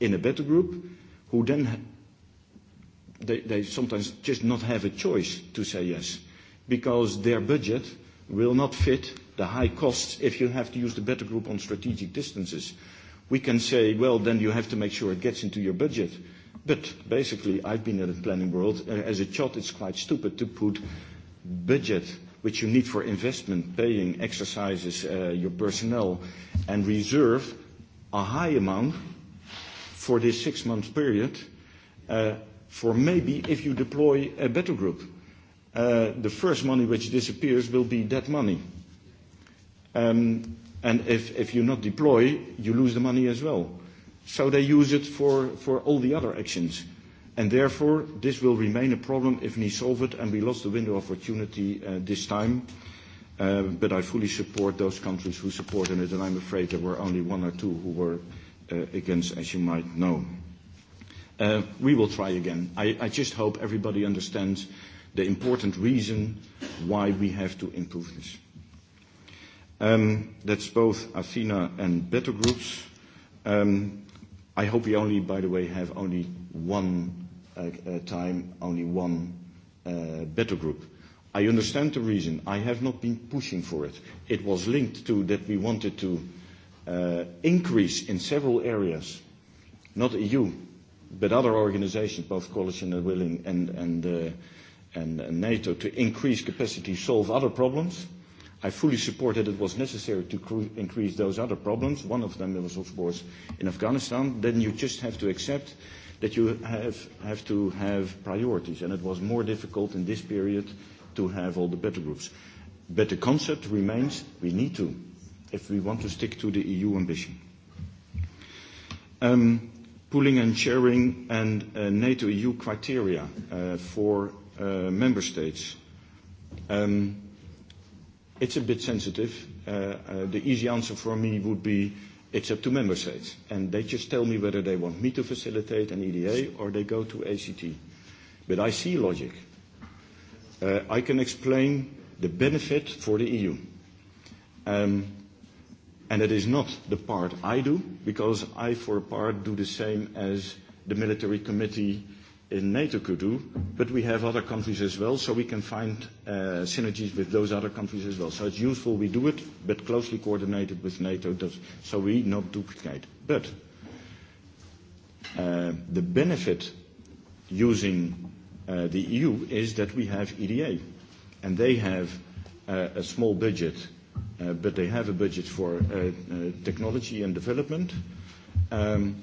in a better group who then they, they sometimes just not have a choice to say yes because their budget will not fit the high costs if you have to use the better group on strategic distances. We can say, well, then you have to make sure it gets into your budget. But basically, I've been in the planning world. As a child, it's quite stupid to put budget, which you need for investment, paying, exercises, uh, your personnel, and reserve a high amount for this six-month period uh, for maybe if you deploy a better group, uh, the first money which disappears will be that money. Um, and if, if you not deploy, you lose the money as well. So they use it for, for all the other actions. And therefore, this will remain a problem if we solve it, and we lost the window of opportunity uh, this time. Uh, but I fully support those countries who supported it, and I'm afraid there were only one or two who were uh, against, as you might know. Uh, we will try again. I, I just hope everybody understands the important reason why we have to improve this. Um, that's both Athena and Better Groups. Um, I hope we only, by the way, have only one uh, uh, time, only one uh, Better Group. I understand the reason. I have not been pushing for it. It was linked to that we wanted to uh, increase in several areas, not EU, but other organizations, both coalition and willing and, and, uh, and, and NATO, to increase capacity, solve other problems. I fully support that it was necessary to increase those other problems. One of them was, of course, in Afghanistan. Then you just have to accept that you have, have to have priorities. And it was more difficult in this period to have all the better groups. But the concept remains we need to if we want to stick to the EU ambition. Um, pooling and sharing and uh, NATO-EU criteria uh, for uh, member states. Um, it's a bit sensitive. Uh, uh, the easy answer for me would be it's up to member states. And they just tell me whether they want me to facilitate an EDA or they go to ACT. But I see logic. Uh, I can explain the benefit for the EU. Um, And it is not the part I do, because I, for a part, do the same as the military committee in NATO could do, but we have other countries as well, so we can find uh, synergies with those other countries as well. So it's useful we do it, but closely coordinated with NATO, does, so we not duplicate. But uh, the benefit using uh, the EU is that we have EDA, and they have uh, a small budget Uh, but they have a budget for uh, uh, technology and development. Um,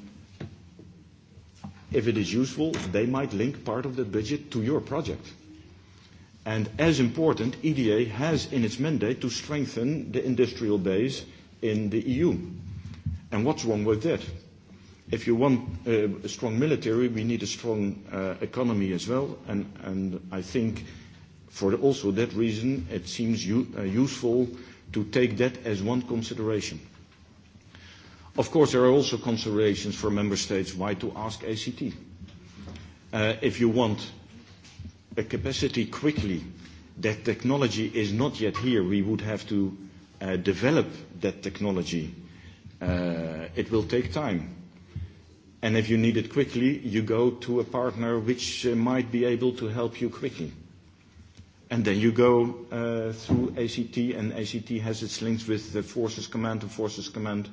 if it is useful, they might link part of the budget to your project. And as important, EDA has in its mandate to strengthen the industrial base in the EU. And what's wrong with that? If you want uh, a strong military, we need a strong uh, economy as well. And, and I think for also that reason, it seems uh, useful to take that as one consideration. Of course, there are also considerations for member states why to ask ACT. Uh, if you want a capacity quickly, that technology is not yet here. We would have to uh, develop that technology. Uh, it will take time. And if you need it quickly, you go to a partner which uh, might be able to help you quickly. And then you go uh, through ACT, and ACT has its links with the Forces Command, and Forces Command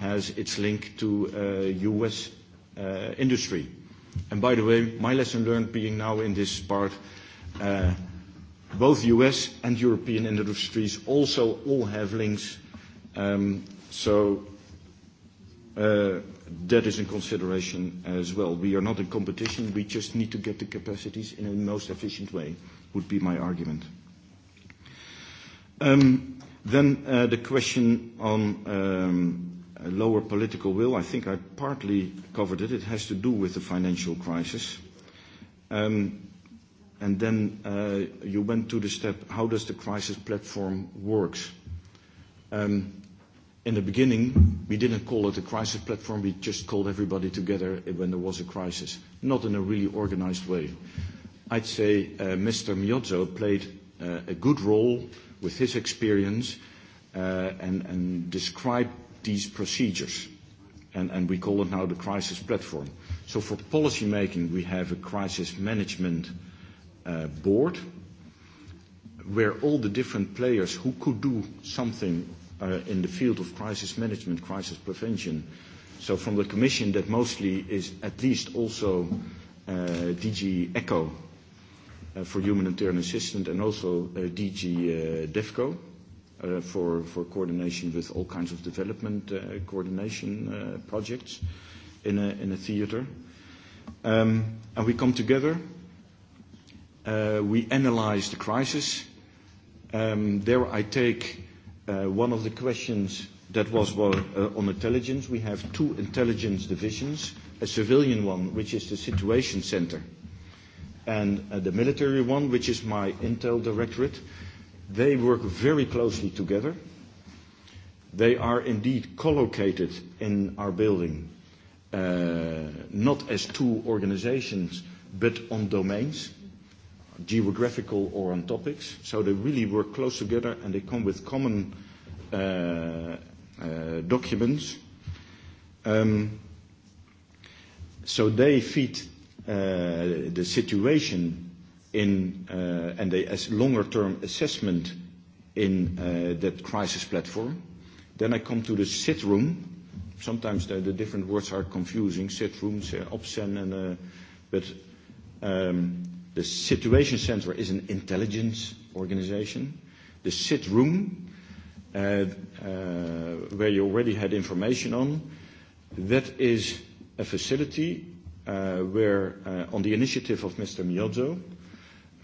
has its link to uh, US uh, industry. And by the way, my lesson learned being now in this part, uh, both US and European industries also all have links. Um, so uh, that is in consideration as well. We are not in competition, we just need to get the capacities in the most efficient way would be my argument. Um, then uh, the question on um, lower political will, I think I partly covered it. It has to do with the financial crisis. Um, and then uh, you went to the step, how does the crisis platform work? Um, in the beginning, we didn't call it a crisis platform. We just called everybody together when there was a crisis, not in a really organized way. I'd say uh, Mr. Miozzo played uh, a good role with his experience uh, and, and described these procedures. And, and we call it now the crisis platform. So for policy making, we have a crisis management uh, board where all the different players who could do something uh, in the field of crisis management, crisis prevention. So from the Commission that mostly is at least also uh, DG ECHO uh, for humanitarian assistance and also uh, DG uh, DEFCO uh, for, for coordination with all kinds of development uh, coordination uh, projects in a, in a theater. Um, and we come together, uh, we analyze the crisis. Um, there I take uh, one of the questions that was uh, on intelligence. We have two intelligence divisions, a civilian one, which is the situation center, and uh, the military one, which is my intel directorate. They work very closely together. They are indeed collocated in our building, uh, not as two organizations, but on domains, geographical or on topics. So they really work close together and they come with common uh, uh, documents. Um, so they feed uh, the situation in, uh, and the as longer term assessment in uh, that crisis platform. Then I come to the sit room. Sometimes the, the different words are confusing, sit rooms, say OPSEN, and, uh, but um, the Situation Center is an intelligence organization. The sit room, uh, uh, where you already had information on, that is a facility uh, where, uh, on the initiative of Mr. Miozzo,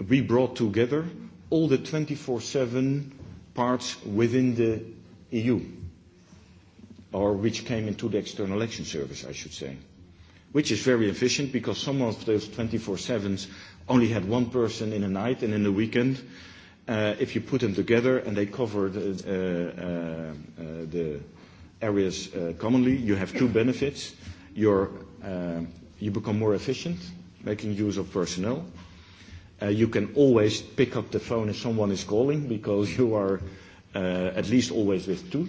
we brought together all the 24-7 parts within the EU, or which came into the External Action Service, I should say, which is very efficient because some of those 24-7s only had one person in a night and in the weekend. Uh, if you put them together and they cover the, uh, uh, uh, the areas uh, commonly, you have two benefits. Your uh, you become more efficient, making use of personnel. Uh, you can always pick up the phone if someone is calling because you are uh, at least always with two.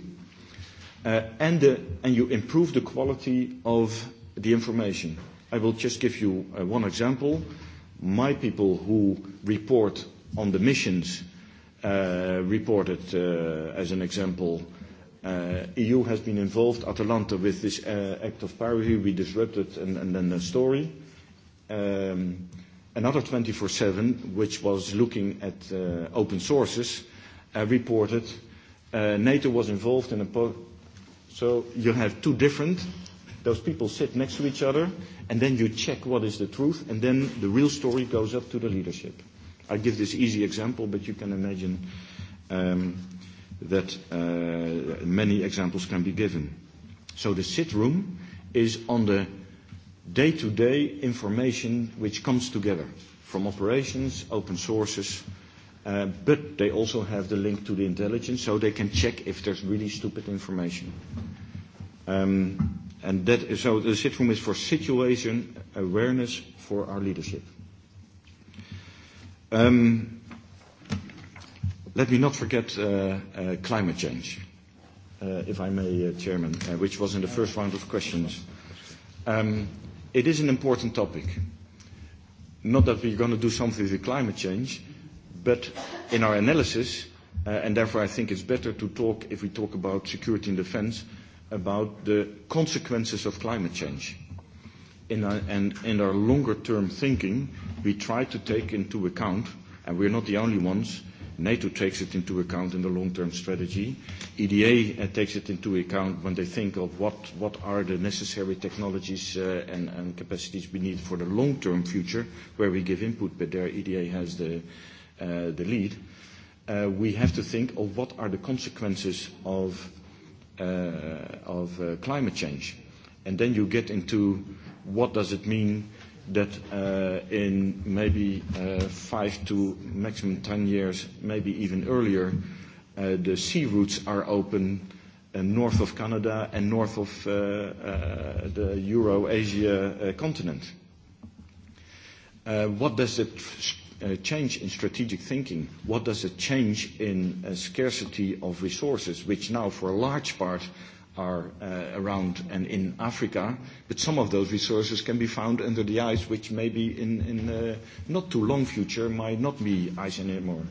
Uh, and, the, uh, and you improve the quality of the information. I will just give you uh, one example. My people who report on the missions uh, reported, uh, as an example, Uh, EU has been involved, Atalanta, with this uh, act of piracy. We disrupted and, and then the story. Um, another 24-7, which was looking at uh, open sources, uh, reported uh, NATO was involved in a... Po so you have two different. Those people sit next to each other, and then you check what is the truth, and then the real story goes up to the leadership. I give this easy example, but you can imagine... Um, that uh, many examples can be given. So the sit room is on the day-to-day -day information which comes together from operations, open sources, uh, but they also have the link to the intelligence so they can check if there's really stupid information. Um, and that, so the sit room is for situation awareness for our leadership. Um, Let me not forget uh, uh, climate change, uh, if I may, uh, Chairman, uh, which was in the first round of questions. Um, it is an important topic. Not that we're going to do something with climate change, but in our analysis, uh, and therefore I think it's better to talk, if we talk about security and defense, about the consequences of climate change. In our, and in our longer term thinking, we try to take into account, and we're not the only ones, NATO takes it into account in the long-term strategy. EDA uh, takes it into account when they think of what, what are the necessary technologies uh, and, and capacities we need for the long-term future, where we give input, but there EDA has the, uh, the lead. Uh, we have to think of what are the consequences of, uh, of uh, climate change. And then you get into what does it mean that uh, in maybe uh, five to maximum ten years, maybe even earlier, uh, the sea routes are open uh, north of Canada and north of uh, uh, the Euro-Asia uh, continent. Uh, what does it uh, change in strategic thinking? What does it change in uh, scarcity of resources, which now for a large part are uh, around and in Africa, but some of those resources can be found under the ice, which maybe in, in the uh, not too long future might not be ice anymore.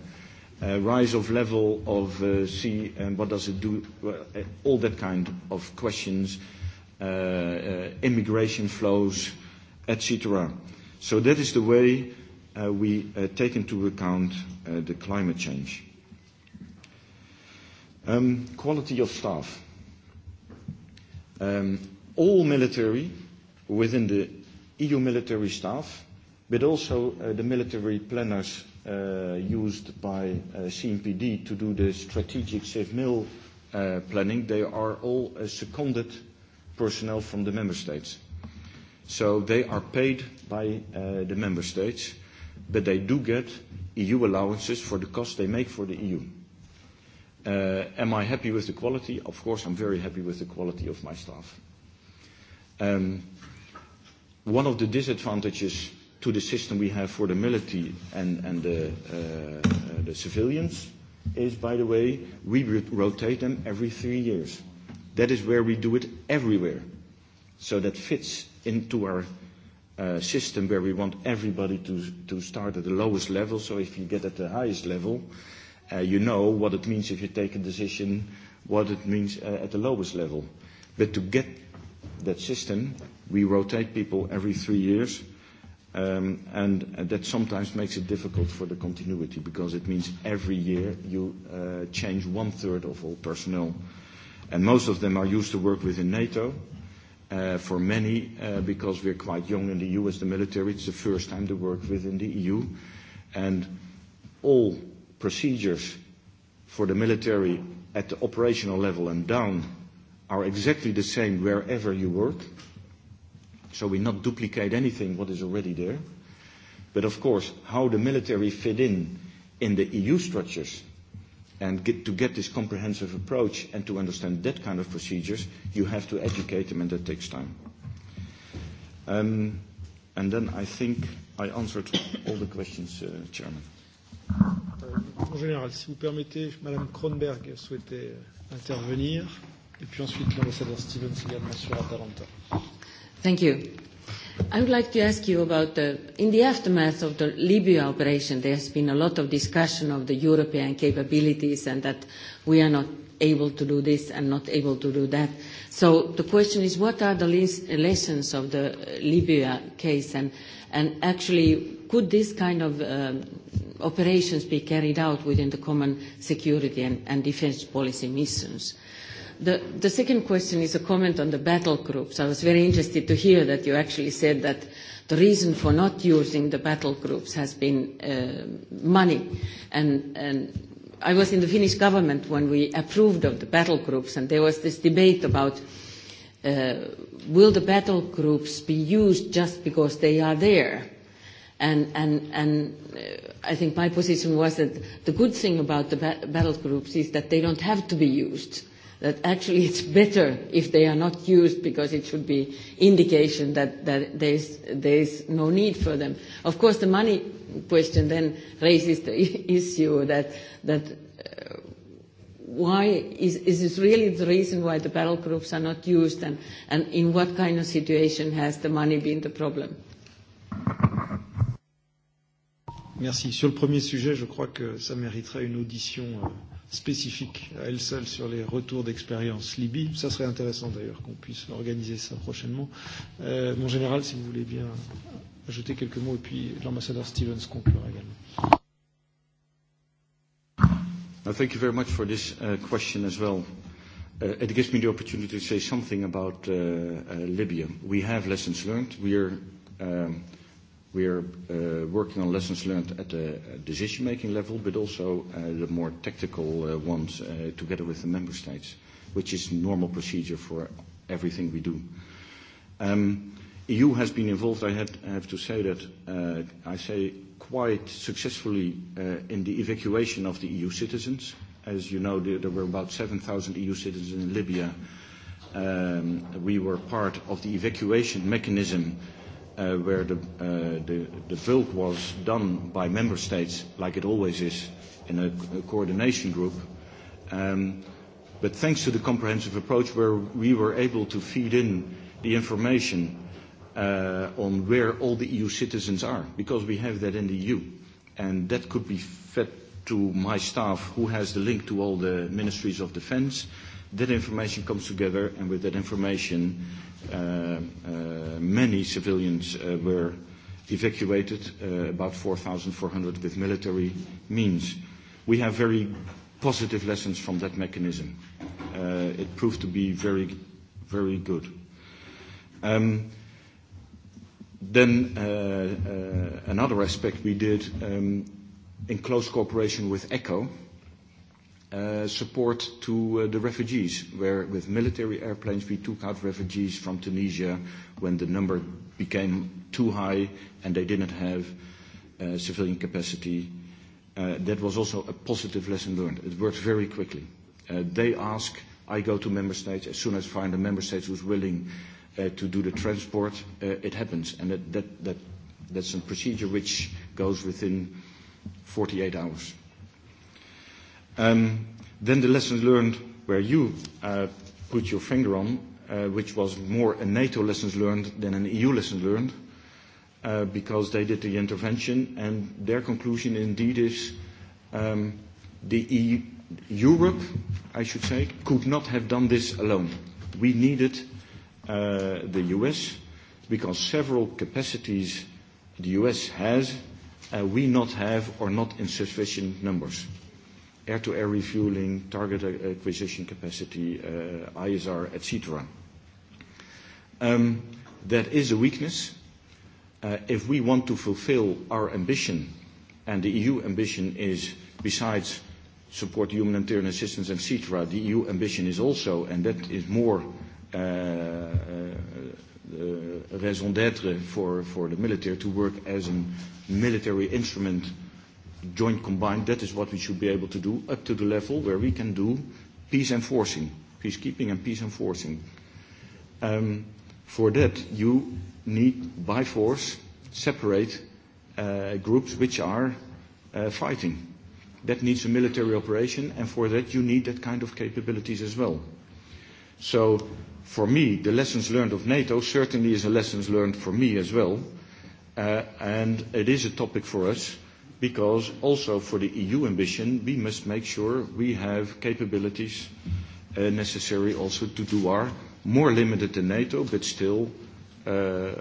Uh, rise of level of uh, sea and what does it do, well, uh, all that kind of questions, uh, uh, immigration flows, etc. So that is the way uh, we uh, take into account uh, the climate change. Um, quality of staff um, all military within the EU military staff, but also uh, the military planners uh, used by uh, CMPD to do the strategic safe mill uh, planning, they are all uh, seconded personnel from the member states. So they are paid by uh, the member states, but they do get EU allowances for the cost they make for the EU. Uh, am I happy with the quality? Of course, I'm very happy with the quality of my staff. Um, one of the disadvantages to the system we have for the military and, and the, uh, uh, the civilians is, by the way, we rotate them every three years. That is where we do it everywhere. So that fits into our uh, system where we want everybody to, to start at the lowest level. So if you get at the highest level, uh, you know what it means if you take a decision, what it means uh, at the lowest level. But to get that system, we rotate people every three years, um, and uh, that sometimes makes it difficult for the continuity because it means every year you uh, change one third of all personnel. And most of them are used to work within NATO. Uh, for many, uh, because we're quite young in the EU as the military, it's the first time to work within the EU. And all procedures for the military at the operational level and down are exactly the same wherever you work. So we not duplicate anything what is already there. But of course, how the military fit in in the EU structures and get, to get this comprehensive approach and to understand that kind of procedures, you have to educate them and that takes time. Um, and then I think I answered all the questions, uh, Chairman. Euh, en général, si vous permettez, Madame Kronberg souhaitait euh, intervenir, et puis ensuite l'ambassadeur Stevens également sur Atalanta. Thank you. I would like to ask you about the, in the aftermath of the Libya operation, there has been a lot of discussion of the European capabilities and that we are not able to do this and not able to do that. So the question is, what are the lessons of the uh, Libya case? And, and actually, could this kind of um, operations be carried out within the common security and, and defense policy missions? The, the second question is a comment on the battle groups. I was very interested to hear that you actually said that the reason for not using the battle groups has been uh, money. And, and I was in the Finnish government when we approved of the battle groups, and there was this debate about uh, will the battle groups be used just because they are there? And, and, and uh, I think my position was that the good thing about the ba battle groups is that they don't have to be used that actually it's better if they are not used because it should be indication that, that there, is, there is no need for them. Of course, the money question then raises the issue that, that uh, why is, is this really the reason why the battle groups are not used and, and in what kind of situation has the money been the problem? Merci. Sur le premier sujet, je crois que ça mériterait une audition euh, spécifique à elle seule sur les retours d'expérience Libye. Ça serait intéressant d'ailleurs qu'on puisse organiser ça prochainement. Euh, mon général, si vous voulez bien ajouter quelques mots, et puis l'ambassadeur Stevens conclura également. Now, thank you very much for this uh, question as well. Uh, it gives me the opportunity to say something about uh, uh, Libya. We have lessons learned. We are um, We are uh, working on lessons learned at the decision-making level, but also uh, the more tactical uh, ones uh, together with the member states, which is normal procedure for everything we do. Um, EU has been involved, I, had, I have to say that, uh, I say quite successfully uh, in the evacuation of the EU citizens. As you know, there, there were about 7,000 EU citizens in Libya. Um, we were part of the evacuation mechanism uh, where the, uh, the, the bulk was done by member states, like it always is in a, a coordination group. Um, but thanks to the comprehensive approach where we were able to feed in the information uh, on where all the EU citizens are, because we have that in the EU. And that could be fed to my staff who has the link to all the ministries of defense, that information comes together, and with that information, uh, uh, many civilians uh, were evacuated, uh, about 4,400 with military means. We have very positive lessons from that mechanism. Uh, it proved to be very, very good. Um, then uh, uh, another aspect we did um, in close cooperation with ECHO, uh, support to uh, the refugees, where with military airplanes we took out refugees from Tunisia when the number became too high and they didn't have uh, civilian capacity. Uh, that was also a positive lesson learned. It worked very quickly. Uh, they ask, I go to member states, as soon as I find a member state who's willing uh, to do the transport, uh, it happens. And that, that, that, that's a procedure which goes within 48 hours. Um, then the lessons learned where you uh, put your finger on, uh, which was more a NATO lessons learned than an EU lessons learned, uh, because they did the intervention, and their conclusion indeed is um, the EU, Europe, I should say, could not have done this alone. We needed uh, the US because several capacities the US has, uh, we not have or not in sufficient numbers air-to-air refueling, target acquisition capacity, uh, ISR, etc. Um, that is a weakness. Uh, if we want to fulfill our ambition, and the EU ambition is, besides support humanitarian assistance, etc., the EU ambition is also, and that is more uh, uh, raison d'être for, for the military to work as a military instrument joint combined, that is what we should be able to do up to the level where we can do peace enforcing, peacekeeping and peace enforcing. Um, for that, you need by force separate uh, groups which are uh, fighting. That needs a military operation, and for that you need that kind of capabilities as well. So, for me, the lessons learned of NATO certainly is a lessons learned for me as well, uh, and it is a topic for us because also for the EU ambition, we must make sure we have capabilities uh, necessary also to do our more limited than NATO, but still uh, uh,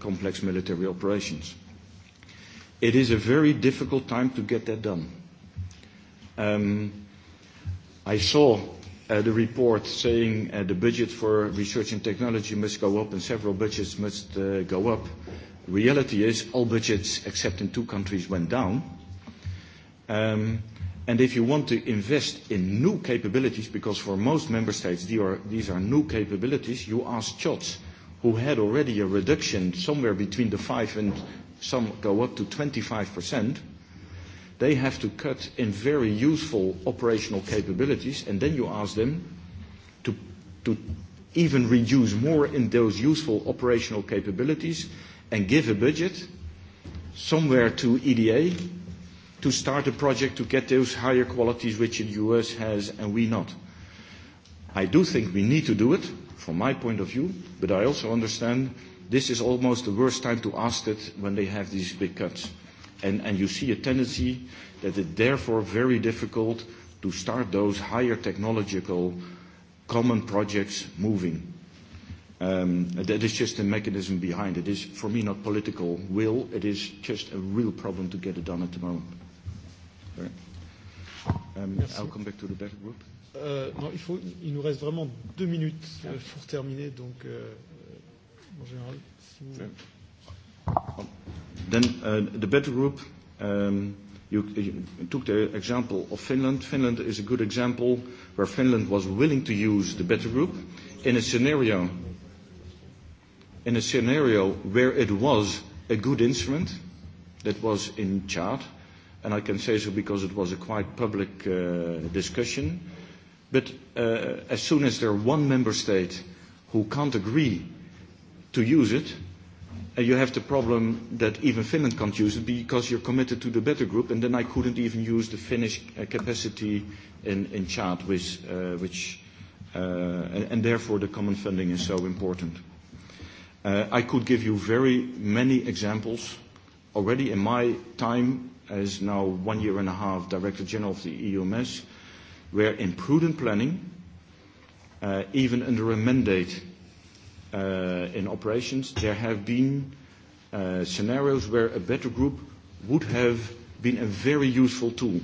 complex military operations. It is a very difficult time to get that done. Um, I saw uh, the report saying uh, the budget for research and technology must go up and several budgets must uh, go up reality is all budgets except in two countries went down. Um, and if you want to invest in new capabilities, because for most member states these are, these are new capabilities, you ask CHOTS, who had already a reduction somewhere between the 5 and some go up to 25%, they have to cut in very useful operational capabilities, and then you ask them to, to even reduce more in those useful operational capabilities and give a budget somewhere to EDA to start a project to get those higher qualities which the US has and we not. I do think we need to do it from my point of view, but I also understand this is almost the worst time to ask it when they have these big cuts. And, and you see a tendency that it's therefore very difficult to start those higher technological common projects moving. Um, that is just the mechanism behind it. It is, for me, not political will. It is just a real problem to get it done at the moment. Right. Um, I'll come back to the better group. Euh, non, il, faut, il nous reste vraiment deux minutes euh, pour terminer, donc euh, euh en général, si vous... Sure. Then uh, the better group, um, you, you took the example of Finland. Finland is a good example where Finland was willing to use the better group in a scenario in a scenario where it was a good instrument that was in Chad, and I can say so because it was a quite public uh, discussion. But uh, as soon as there are one member state who can't agree to use it, uh, you have the problem that even Finland can't use it because you're committed to the better group, and then I couldn't even use the Finnish uh, capacity in, in Chad, which, uh, which uh, and, and therefore the common funding is so important. Uh, I could give you very many examples. Already in my time as now one year and a half Director General of the EUMS, where in prudent planning, uh, even under a mandate uh, in operations, there have been uh, scenarios where a better group would have been a very useful tool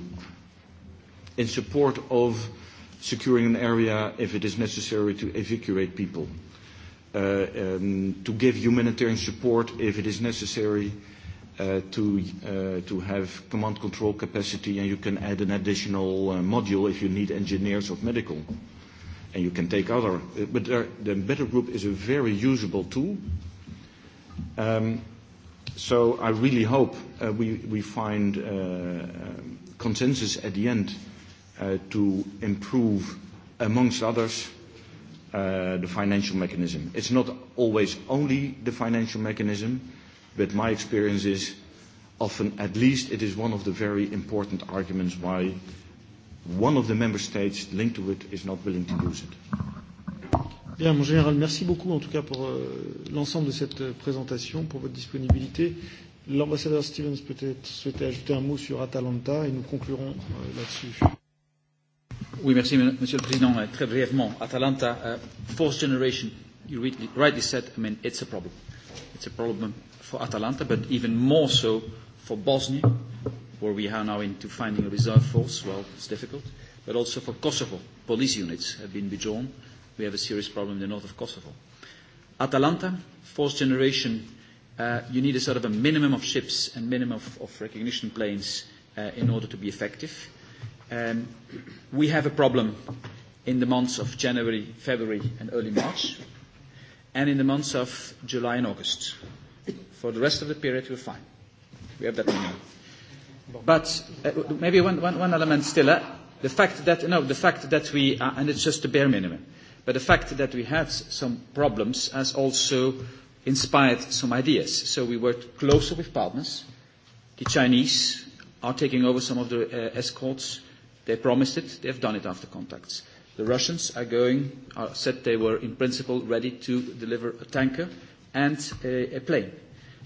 in support of securing an area if it is necessary to evacuate people uh, um, to give humanitarian support if it is necessary uh, to, uh, to have command control capacity and you can add an additional uh, module if you need engineers of medical. And you can take other, uh, but there, the better group is a very usable tool. Um, so I really hope uh, we, we find uh, consensus at the end uh, to improve, amongst others, uh, the financial mechanism. It's not always only the financial mechanism, but my experience is often at least it is one of the very important arguments why one of the member states linked to it is not willing to use it. Bien, mon général, merci beaucoup en tout cas pour euh, l'ensemble de cette euh, présentation, pour votre disponibilité. L'ambassadeur Stevens peut-être souhaitait ajouter un mot sur Atalanta et nous conclurons euh, là-dessus. Oui, merci, Monsieur le Président. Euh, très brièvement, Atalanta, uh, fourth generation, you rightly said, I mean, it's a problem. It's a problem for Atalanta, but even more so for Bosnia, where we are now into finding a reserve force. Well, it's difficult. But also for Kosovo, police units have been withdrawn. We have a serious problem in the north of Kosovo. Atalanta, fourth generation, uh, you need a sort of a minimum of ships and minimum of, of recognition planes uh, in order to be effective. Um, we have a problem in the months of January, February and early March, and in the months of July and August. For the rest of the period, we're fine. We have that minimum. But uh, maybe one, one, one element still, uh, the fact that, no, the fact that we, are uh, and it's just the bare minimum, but the fact that we had some problems has also inspired some ideas. So we worked closer with partners. The Chinese are taking over some of the uh, escorts They promised it. They have done it after contacts. The Russians are going, uh, said they were in principle ready to deliver a tanker and a, a plane.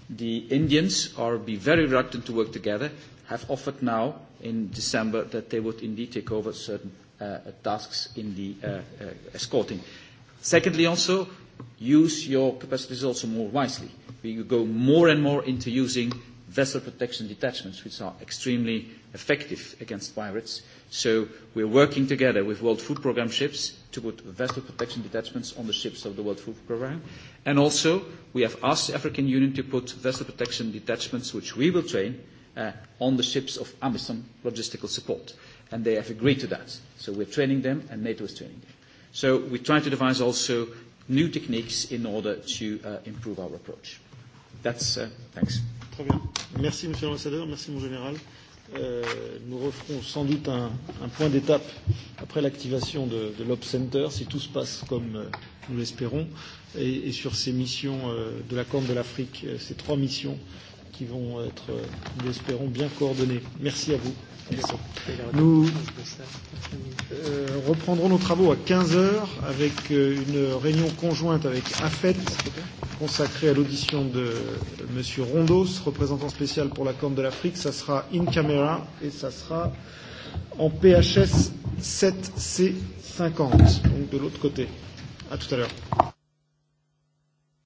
The Indians are be very reluctant to work together, have offered now in December that they would indeed take over certain uh, tasks in the uh, uh, escorting. Secondly, also, use your capacities also more wisely. We go more and more into using vessel protection detachments, which are extremely effective against pirates. So we're working together with World Food Programme ships to put vessel protection detachments on the ships of the World Food Programme. And also, we have asked the African Union to put vessel protection detachments, which we will train, uh, on the ships of AMISOM logistical support. And they have agreed to that. So we're training them, and NATO is training them. So we try to devise also new techniques in order to uh, improve our approach. That's, uh, thanks. Très bien. Merci, monsieur l'ambassadeur. Merci, mon général. Euh, nous referons sans doute un, un point d'étape après l'activation de, de l'Op Center, si tout se passe comme euh, nous l'espérons, et, et sur ces missions euh, de la Corne de l'Afrique, euh, ces trois missions qui vont être, nous l'espérons, bien coordonnées. Merci à vous. Merci. Nous euh, reprendrons nos travaux à 15h avec euh, une réunion conjointe avec AFET consacrée à l'audition de M. Rondos, représentant spécial pour la Corne de l'Afrique. Ça sera in camera et ça sera en PHS 7C50, donc de l'autre côté. À tout à l'heure.